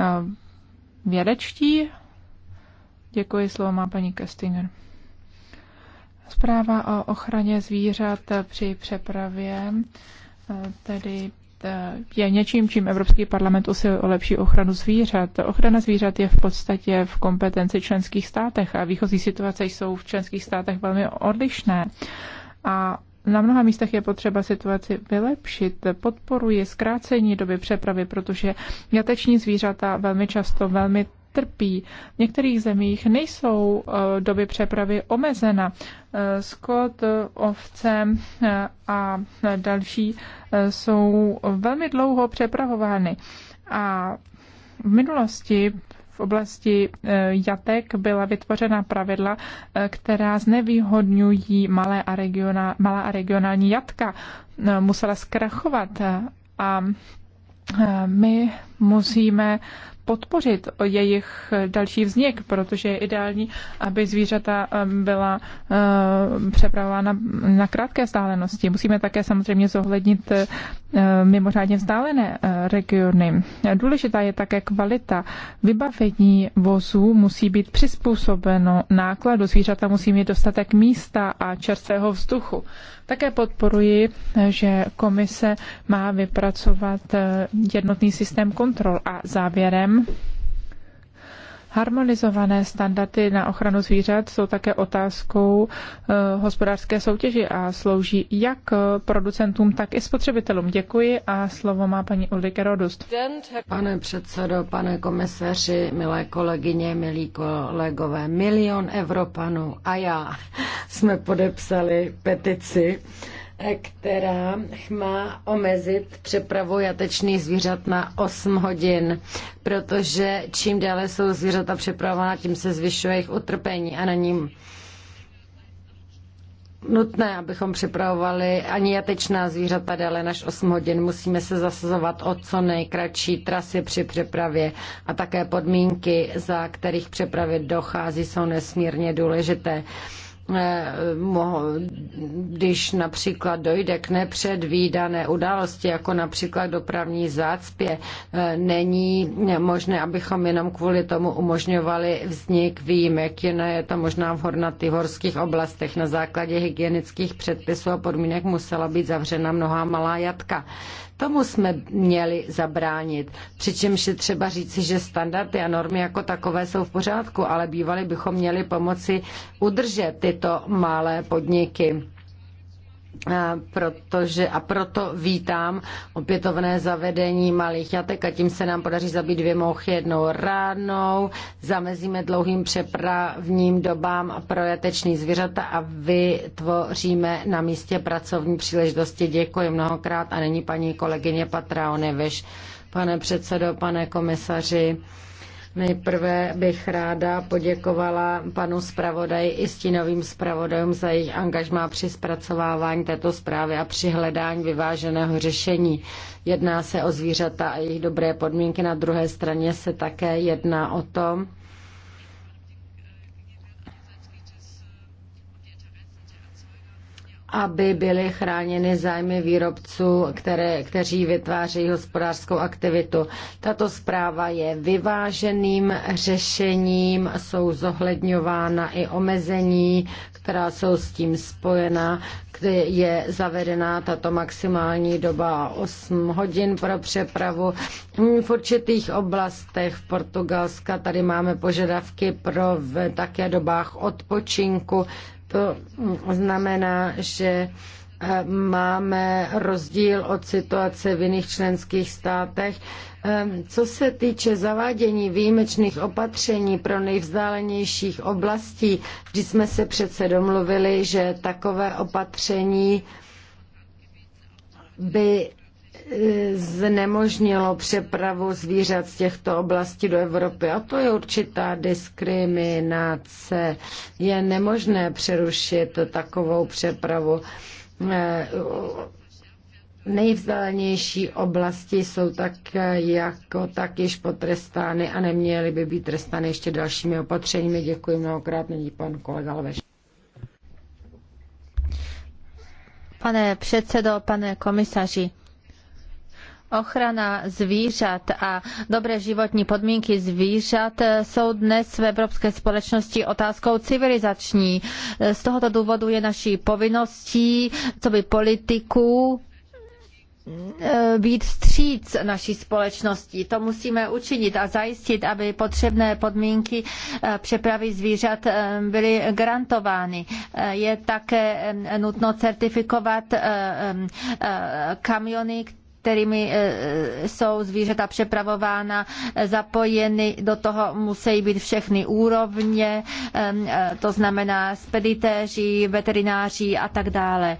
eh, vědečtí? Děkuji, slovo má paní Kestinger. Zpráva o ochraně zvířat při přepravě, eh, tedy je něčím, čím Evropský parlament usiluje o lepší ochranu zvířat. Ochrana zvířat je v podstatě v kompetenci členských státech a výchozí situace jsou v členských státech velmi odlišné. A na mnoha místech je potřeba situaci vylepšit. Podporuje zkrácení doby přepravy, protože jateční zvířata velmi často velmi trpí. V některých zemích nejsou eh, doby přepravy omezena. Eh, Skot, eh, ovce a další jsou velmi dlouho přepravovány. A v minulosti v oblasti jatek byla vytvořena pravidla, která znevýhodňují malé a, regionál, malá a regionální jatka. Musela zkrachovat a my musíme podpořit jejich další vznik, protože je ideální, aby zvířata um, byla um, přepravována na krátké vzdálenosti. Musíme také samozřejmě zohlednit uh, mimořádně vzdálené uh, regiony. Důležitá je také kvalita. Vybavení vozů musí být přizpůsobeno nákladu. Zvířata musí mít dostatek místa a čerstvého vzduchu. Také podporuji, že komise má vypracovat eh, jednotný systém kontrol a závěrem Harmonizované standardy na ochranu zvířat jsou také otázkou eh, hospodářské soutěži a slouží jak eh, producentům, tak i spotřebitelům. Děkuji a slovo má paní Ulrike Rodust. Pane předsedo, pane komisaři, milé kolegyně, milí kolegové, milion Evropanů a já jsme podepsali petici která má omezit přepravu jatečných zvířat na 8 hodin, protože čím dále jsou zvířata přepravována, tím se zvyšuje jejich utrpení a na ním nutné, abychom připravovali ani jatečná zvířata déle než 8 hodin. Musíme se zasazovat o co nejkratší trasy při přepravě a také podmínky, za kterých přepravy dochází, jsou nesmírně důležité. Eh, když například dojde k nepředvídané události, jako například dopravní zácpě, eh, není možné, abychom jenom kvůli tomu umožňovali vznik výjimek, jiné je to možná v hornatých horských oblastech. Na základě hygienických předpisů a podmínek musela být zavřena mnohá malá jatka. Tomu jsme měli zabránit. Přičemž je třeba říci, že standardy a normy jako takové jsou v pořádku, ale bývali bychom měli pomoci udržet tyto malé podniky protože, a proto vítám opětovné zavedení malých jatek a tím se nám podaří zabít dvě mouchy jednou ránou, zamezíme dlouhým přepravním dobám pro jateční zvířata a vytvoříme na místě pracovní příležitosti. Děkuji mnohokrát a není paní kolegyně patraone, Neveš. Pane předsedo, pane komisaři, Nejprve bych ráda poděkovala panu zpravodaji i stínovým zpravodajům za jejich angažmá při zpracovávání této zprávy a při hledání vyváženého řešení. Jedná se o zvířata a jejich dobré podmínky. Na druhé straně se také jedná o tom, aby byly chráněny zájmy výrobců, které, kteří vytvářejí hospodářskou aktivitu. Tato zpráva je vyváženým řešením, jsou zohledňována i omezení, která jsou s tím spojena, kde je zavedená tato maximální doba 8 hodin pro přepravu. V určitých oblastech v Portugalska tady máme požadavky pro v také dobách odpočinku. To znamená, že eh, máme rozdíl od situace v jiných členských státech. Eh, co se týče zavádění výjimečných opatření pro nejvzdálenějších oblastí, vždy jsme se přece domluvili, že takové opatření by znemožnilo přepravu zvířat z těchto oblastí do Evropy. A to je určitá diskriminace. Je nemožné přerušit takovou přepravu. Eh, nejvzdálenější oblasti jsou tak eh, jako tak již potrestány a neměly by být trestány ještě dalšími opatřeními. Děkuji mnohokrát, není pan kolega Leveš. Pane předsedo, pane komisaři, Ochrana zvířat a dobré životní podmínky zvířat e, jsou dnes v evropské společnosti otázkou civilizační. E, z tohoto důvodu je naší povinností, co by politiků, e, být vstříc naší společnosti. To musíme učinit a zajistit, aby potřebné podmínky přepravy zvířat byly garantovány. Je také nutno certifikovat kamiony, kterými e, jsou zvířata přepravována, e, zapojeny do toho musí být všechny úrovně, e, to znamená speditéři, veterináři a tak dále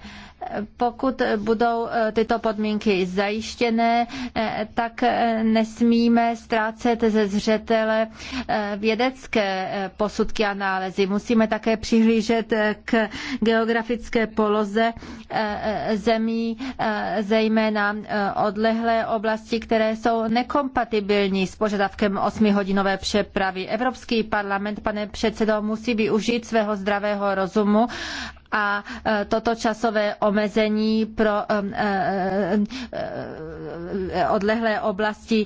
pokud budou eh, tyto podmínky zajištěné, eh, tak eh, nesmíme ztrácet ze zřetele vědecké posudky a nálezy. Musíme také přihlížet k geografické poloze zemí, zejména odlehlé oblasti, které jsou nekompatibilní s požadavkem 8-hodinové přepravy. Evropský parlament, pane předsedo, musí využít svého zdravého rozumu a e, toto časové omezení pro e, e, odlehlé oblasti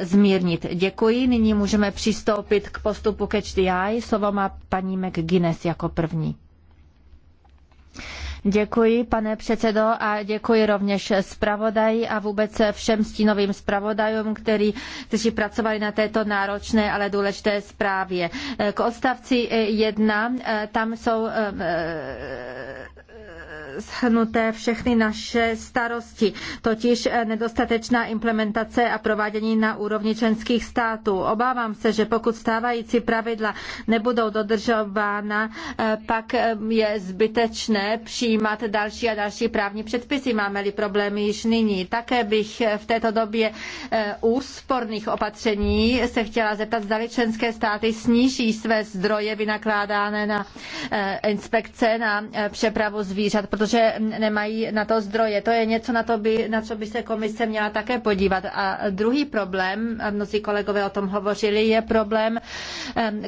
zmírnit. Děkuji. Nyní můžeme přistoupit k postupu ke HDI. Slovo má paní McGuinness jako první. Děkuji, pane předsedo, a děkuji rovněž zpravodaji a vůbec všem stínovým zpravodajům, který, kteří pracovali na této náročné, ale důležité zprávě. K odstavci 1 eh, tam jsou eh, shrnuté všechny naše starosti, totiž eh, nedostatečná implementace a provádění na úrovni členských států. Obávám se, že pokud stávající pravidla nebudou dodržována, eh, pak eh, je zbytečné přijímat další a další právní předpisy. Máme-li problémy již nyní. Také bych v této době úsporných opatření se chtěla zeptat, zda členské státy sníží své zdroje vynakládané na inspekce, na přepravu zvířat, protože protože nemají na to zdroje. To je něco, na, to by, na co by se komise měla také podívat. A druhý problém, a mnozí kolegové o tom hovořili, je problém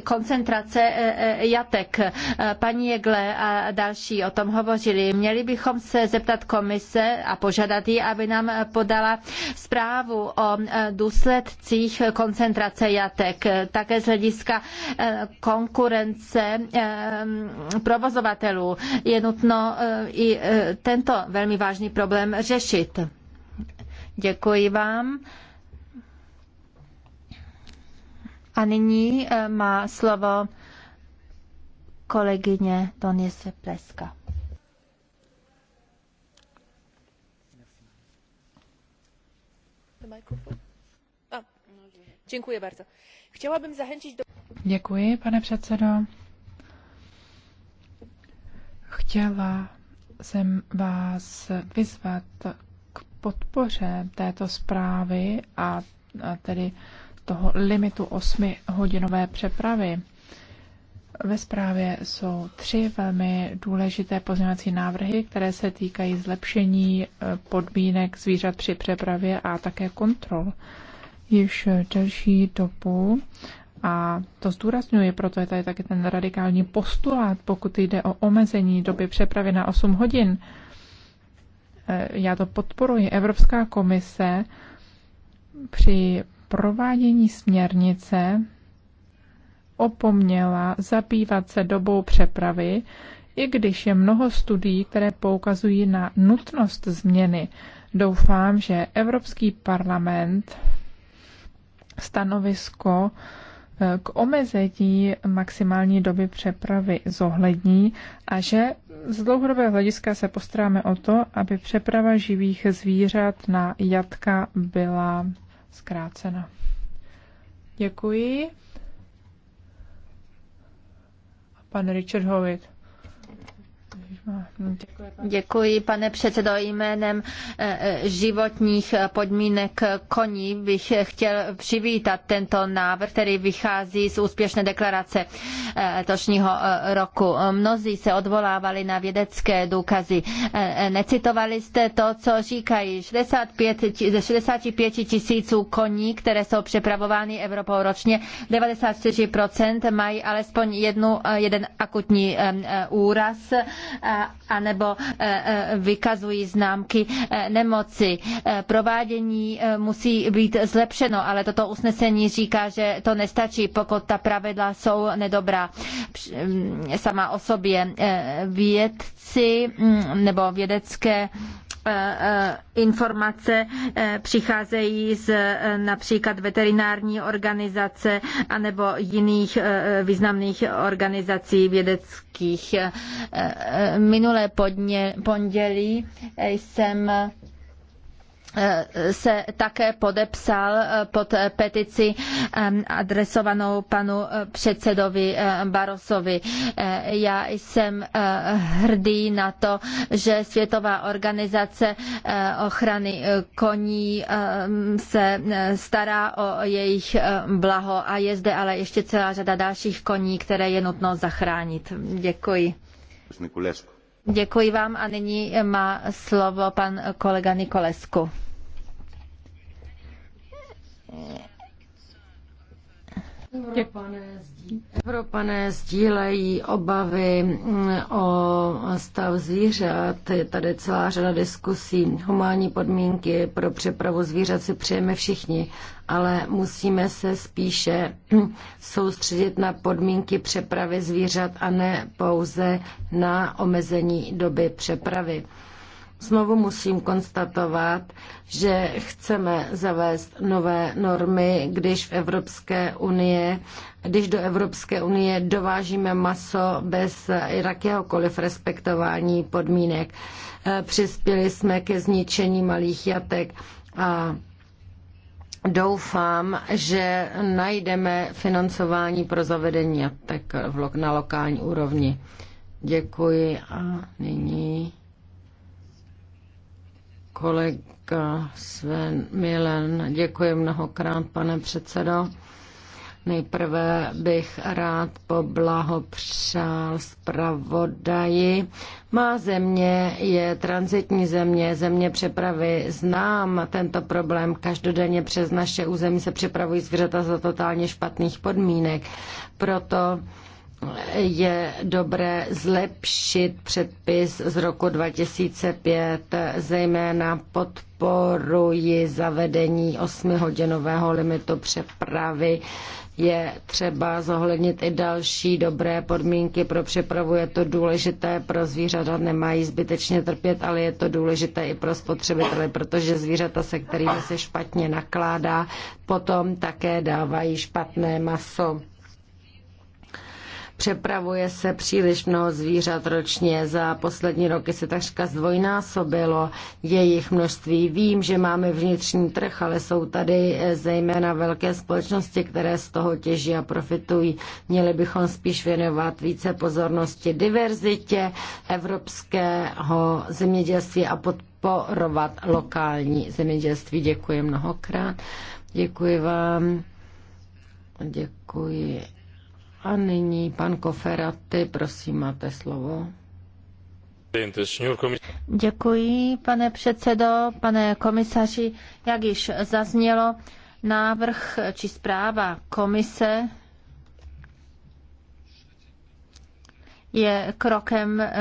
koncentrace e, e, jatek. E, paní Jegle a další o tom hovořili. Měli bychom se zeptat komise a požádat ji, aby nám podala zprávu o důsledcích koncentrace jatek, také z hlediska konkurence provozovatelů. Je nutno i Eh, tento velmi vážný problém řešit. Děkuji vám. A nyní eh, má slovo kolegyně Donise Pleska. Děkuji bardzo. Chtěla bych zahenčit do... Děkuji, pane předsedo. Chtěla jsem vás vyzvat k podpoře této zprávy a, a tedy toho limitu 8-hodinové přepravy. Ve zprávě jsou tři velmi důležité pozměňovací návrhy, které se týkají zlepšení e, podmínek zvířat při přepravě a také kontrol. Již delší dobu a to zdůrazňuji, proto je tady taky ten radikální postulát, pokud jde o omezení doby přepravy na 8 hodin. E, já to podporuji. Evropská komise při provádění směrnice opomněla zabývat se dobou přepravy, i když je mnoho studií, které poukazují na nutnost změny. Doufám, že Evropský parlament stanovisko k omezení maximální doby přepravy zohlední a že z dlouhodobého hlediska se postaráme o to, aby přeprava živých zvířat na jatka byla zkrácena. Děkuji. pan Richard Howitt. Děkuji, pane předsedo. Jménem eh, eh, životních podmínek koní bych chtěl přivítat tento návrh, který vychází z úspěšné deklarace eh, letošního roku. Mnozí se odvolávali na vědecké důkazy. Necitovali jste to, co říkají 65, ze 65 tisíců koní, které jsou přepravovány Evropou ročně, 94% mají alespoň jednu, jeden akutní úraz anebo e, e, vykazují známky e, nemoci. Provádění musí být zlepšeno, ale toto usnesení říká, že to nestačí, pokud ta pravidla jsou nedobrá sama o sobě. Vědci nebo vědecké Eh, eh, informace eh, přicházejí z například veterinární organizace anebo jiných významných organizací vědeckých. Minulé pondělí jsem se také podepsal pod petici adresovanou panu eh, předsedovi eh, Barosovi. Eh, já jsem hrdý na to, že Světová organizace ochrany koní se stará o jejich blaho a je zde ale ještě celá řada dalších koní, které je nutno zachránit. Děkuji. Děkuji vám a nyní má slovo pan kolega Nikolesku. Evropané sdílejí obavy mm, o stav zvířat. Je tady celá řada diskusí. Humánní podmínky pro přepravu zvířat si přejeme všichni, ale musíme se spíše soustředit na podmínky přepravy zvířat a ne pouze na omezení doby přepravy. Znovu musím konstatovat, že chceme zavést nové normy, když v Evropské unie, když do Evropské unie dovážíme maso bez jakéhokoliv respektování podmínek. Eh, přispěli jsme ke zničení malých jatek a Doufám, že najdeme financování pro zavedení jatek na lokální úrovni. Děkuji a nyní kolega Sven Milen. Děkuji mnohokrát, pane předsedo. Nejprve bych rád poblahopřál zpravodaji. Má země je transitní země, země přepravy. Znám tento problém. Každodenně přes naše území se přepravují zvířata za totálně špatných podmínek. Proto je dobré zlepšit předpis z roku 2005, zejména podporuji zavedení 8-hodinového limitu přepravy. Je třeba zohlednit i další dobré podmínky pro přepravu. Je to důležité pro zvířata, nemají zbytečně trpět, ale je to důležité i pro spotřebitele, protože zvířata, se kterými se špatně nakládá, potom také dávají špatné maso Přepravuje se příliš mnoho zvířat ročně. Za poslední roky se takřka zdvojnásobilo jejich množství. Vím, že máme vnitřní trh, ale jsou tady eh, zejména velké společnosti, které z toho těží a profitují. Měli bychom spíš věnovat více pozornosti diverzitě evropského zemědělství a podporovat lokální zemědělství. Děkuji mnohokrát. Děkuji vám. Děkuji a nyní pan Koferaty, prosím, máte slovo. Děkuji, pane předsedo, pane komisaři. Jak již zaznělo, návrh či zpráva komise je krokem eh,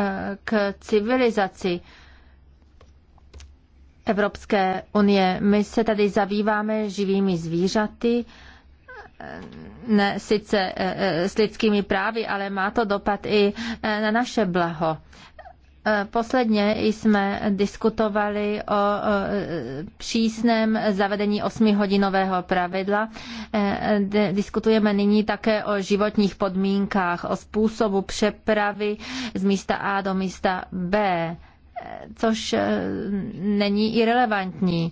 k civilizaci Evropské unie. My se tady zabýváme živými zvířaty ne sice eh, s lidskými právy, ale má to dopad i eh, na naše blaho. Eh, posledně jsme diskutovali o přísném zavedení osmihodinového pravidla. Diskutujeme nyní také o životních podmínkách, o způsobu přepravy z místa A do místa B, což není irrelevantní. relevantní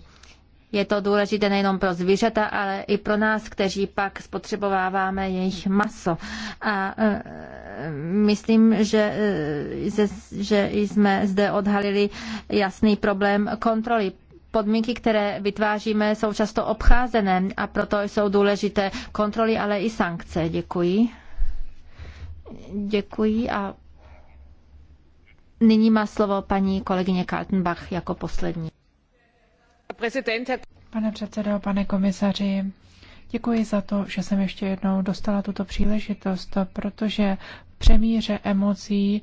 je to důležité nejenom pro zvířata, ale i pro nás, kteří pak spotřebováváme jejich maso. A e, myslím, že, e, že jsme zde odhalili jasný problém kontroly podmínky, které vytváříme, jsou často obcházené a proto jsou důležité kontroly, ale i sankce. Děkuji. Děkuji a nyní má slovo paní kolegyně Kaltenbach jako poslední. Pane předsedo, pane komisaři, děkuji za to, že jsem ještě jednou dostala tuto příležitost, protože přemíře emocí,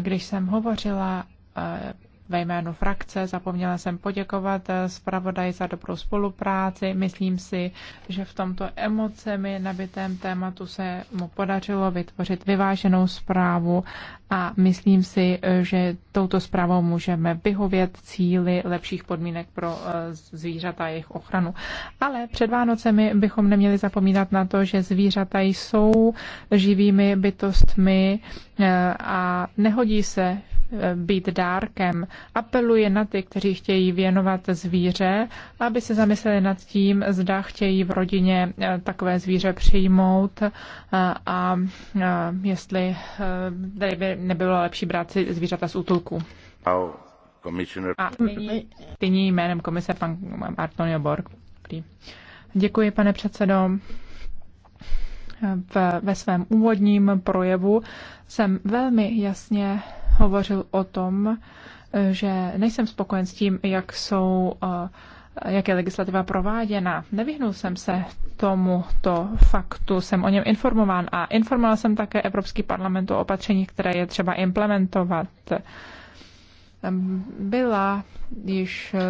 když jsem hovořila eh, ve jménu frakce. Zapomněla jsem poděkovat eh, zpravodaj za dobrou spolupráci. Myslím si, že v tomto emocemi nabitém tématu se mu podařilo vytvořit vyváženou zprávu a myslím si, eh, že touto zprávou můžeme vyhovět cíly lepších podmínek pro eh, zvířata a jejich ochranu. Ale před Vánocemi bychom neměli zapomínat na to, že zvířata jsou živými bytostmi a nehodí se být dárkem. Apeluje na ty, kteří chtějí věnovat zvíře, aby se zamysleli nad tím, zda chtějí v rodině eh, takové zvíře přijmout eh, a eh, jestli tady by nebylo lepší brát si zvířata z útulku. A nyní jménem komise pan Antonio Borg. Děkuji, pane předsedo v, ve svém úvodním projevu jsem velmi jasně hovořil o tom, že nejsem spokojen s tím, jak jsou eh, jak je legislativa prováděna. Nevyhnul jsem se tomuto faktu, jsem o něm informován a informoval jsem také Evropský parlament o opatřeních, které je třeba implementovat. Byla již eh,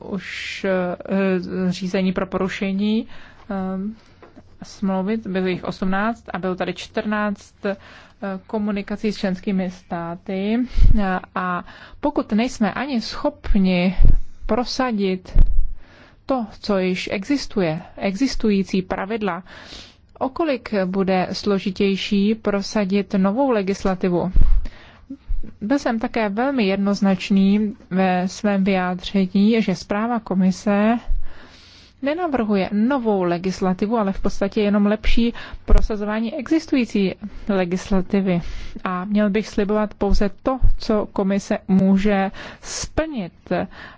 už eh, řízení pro porušení smlouvy, bylo jich 18 a bylo tady 14 komunikací s členskými státy a pokud nejsme ani schopni prosadit to, co již existuje, existující pravidla, okolik bude složitější prosadit novou legislativu. Byl jsem také velmi jednoznačný ve svém vyjádření, že zpráva komise nenavrhuje novou legislativu, ale v podstatě jenom lepší prosazování existující legislativy. A měl bych slibovat pouze to, co komise může splnit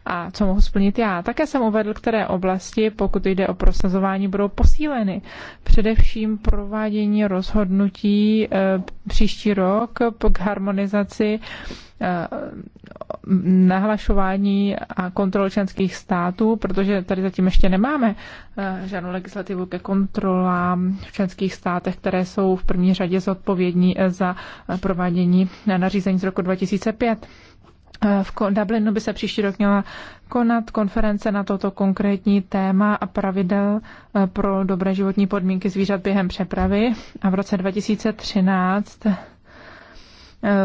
a co mohu splnit já. Také jsem uvedl, které oblasti, pokud jde o prosazování, budou posíleny. Především provádění rozhodnutí eh, příští rok k harmonizaci eh, nahlašování a kontrol členských států, protože tady zatím ještě nemá nemáme eh, žádnou legislativu ke kontrolám v členských státech, které jsou v první řadě zodpovědní eh, za eh, provádění nařízení z roku 2005. V Dublinu by se příští rok měla konat konference na toto konkrétní téma a pravidel pro dobré životní podmínky zvířat během přepravy. A v roce 2013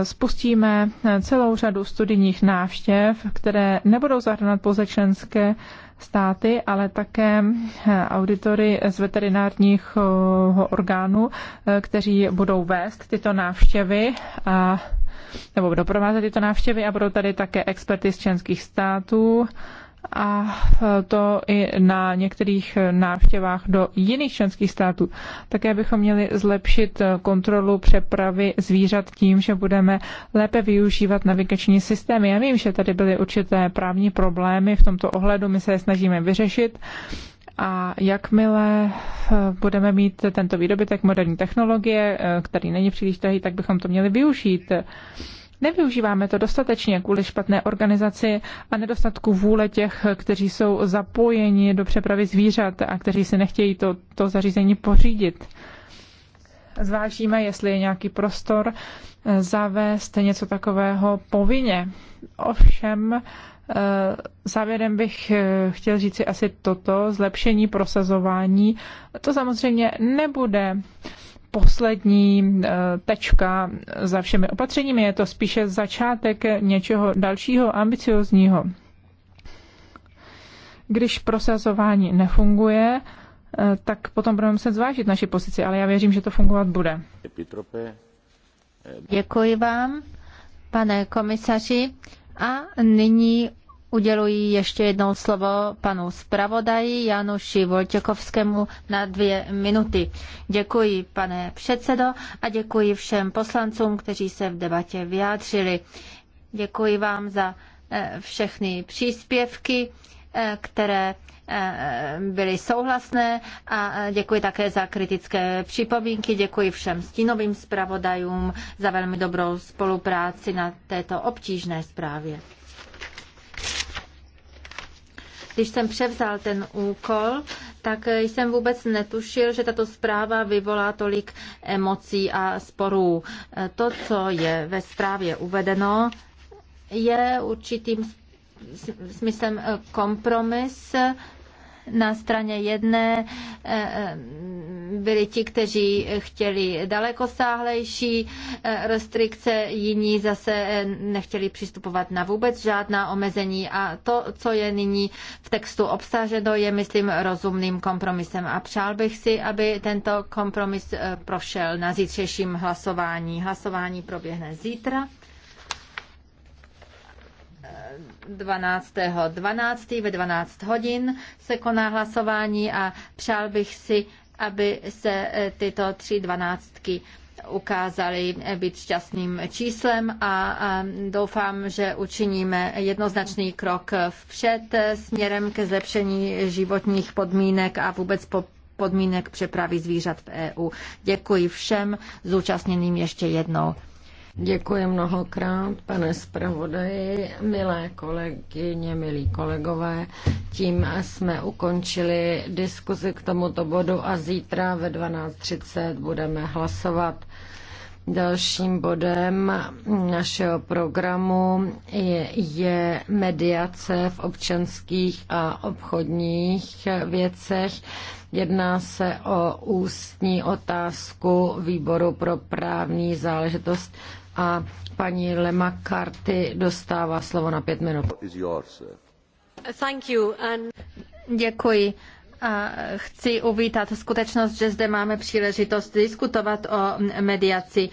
spustíme celou řadu studijních návštěv, které nebudou zahrnovat pouze členské státy, ale také auditory z veterinárních orgánů, kteří budou vést tyto návštěvy a nebo budou tyto návštěvy a budou tady také experty z členských států a to i na některých návštěvách do jiných členských států. Také bychom měli zlepšit kontrolu přepravy zvířat tím, že budeme lépe využívat navigační systémy. Já vím, že tady byly určité právní problémy v tomto ohledu, my se je snažíme vyřešit. A jakmile budeme mít tento výdobytek moderní technologie, který není příliš drahý, tak bychom to měli využít. Nevyužíváme to dostatečně kvůli špatné organizaci a nedostatku vůle těch, kteří jsou zapojeni do přepravy zvířat a kteří si nechtějí to, to zařízení pořídit. Zvážíme, jestli je nějaký prostor eh, zavést něco takového povinně. Ovšem, eh, Závěrem bych eh, chtěl říci asi toto, zlepšení prosazování. To samozřejmě nebude poslední eh, tečka za všemi opatřeními, je to spíše začátek něčeho dalšího ambiciozního. Když prosazování nefunguje, eh, tak potom budeme muset zvážit naši pozici, ale já věřím, že to fungovat bude. Eh, Děkuji vám, pane komisaři. A nyní uděluji ještě jednou slovo panu zpravodaji Januši Voltěkovskému na dvě minuty. Děkuji, pane předsedo, a děkuji všem poslancům, kteří se v debatě vyjádřili. Děkuji vám za eh, všechny příspěvky, eh, které eh, byly souhlasné a děkuji také za kritické připomínky, děkuji všem stínovým zpravodajům za velmi dobrou spolupráci na této obtížné zprávě. Když jsem převzal ten úkol, tak jsem vůbec netušil, že tato zpráva vyvolá tolik emocí a sporů. To, co je ve zprávě uvedeno, je určitým smyslem eh, kompromis na straně jedné eh, eh, byli ti, kteří chtěli dalekosáhlejší eh, restrikce, jiní zase nechtěli přistupovat na vůbec žádná omezení a to, co je nyní v textu obsaženo, je, myslím, rozumným kompromisem a přál bych si, aby tento kompromis prošel na zítřejším hlasování. Hlasování proběhne zítra. 12. 12. ve 12 hodin se koná hlasování a přál bych si, aby se e, tyto tři dvanáctky ukázaly e, být šťastným číslem a doufám, že učiníme jednoznačný krok vpřed e, směrem ke zlepšení životních podmínek a vůbec po podmínek přepravy zvířat v EU. Děkuji všem zúčastněným ještě jednou. Děkuji mnohokrát, pane zpravodaji, milé kolegyně, milí kolegové. Tím jsme ukončili diskuzi k tomuto bodu a zítra ve 12.30 budeme hlasovat. Dalším bodem našeho programu je, je mediace v občanských a obchodních věcech. Jedná se o ústní otázku výboru pro právní záležitost a paní Lema Karty dostává slovo na pět minut. Děkuji. A chci uvítat skutečnost, že zde máme příležitost diskutovat o mediaci.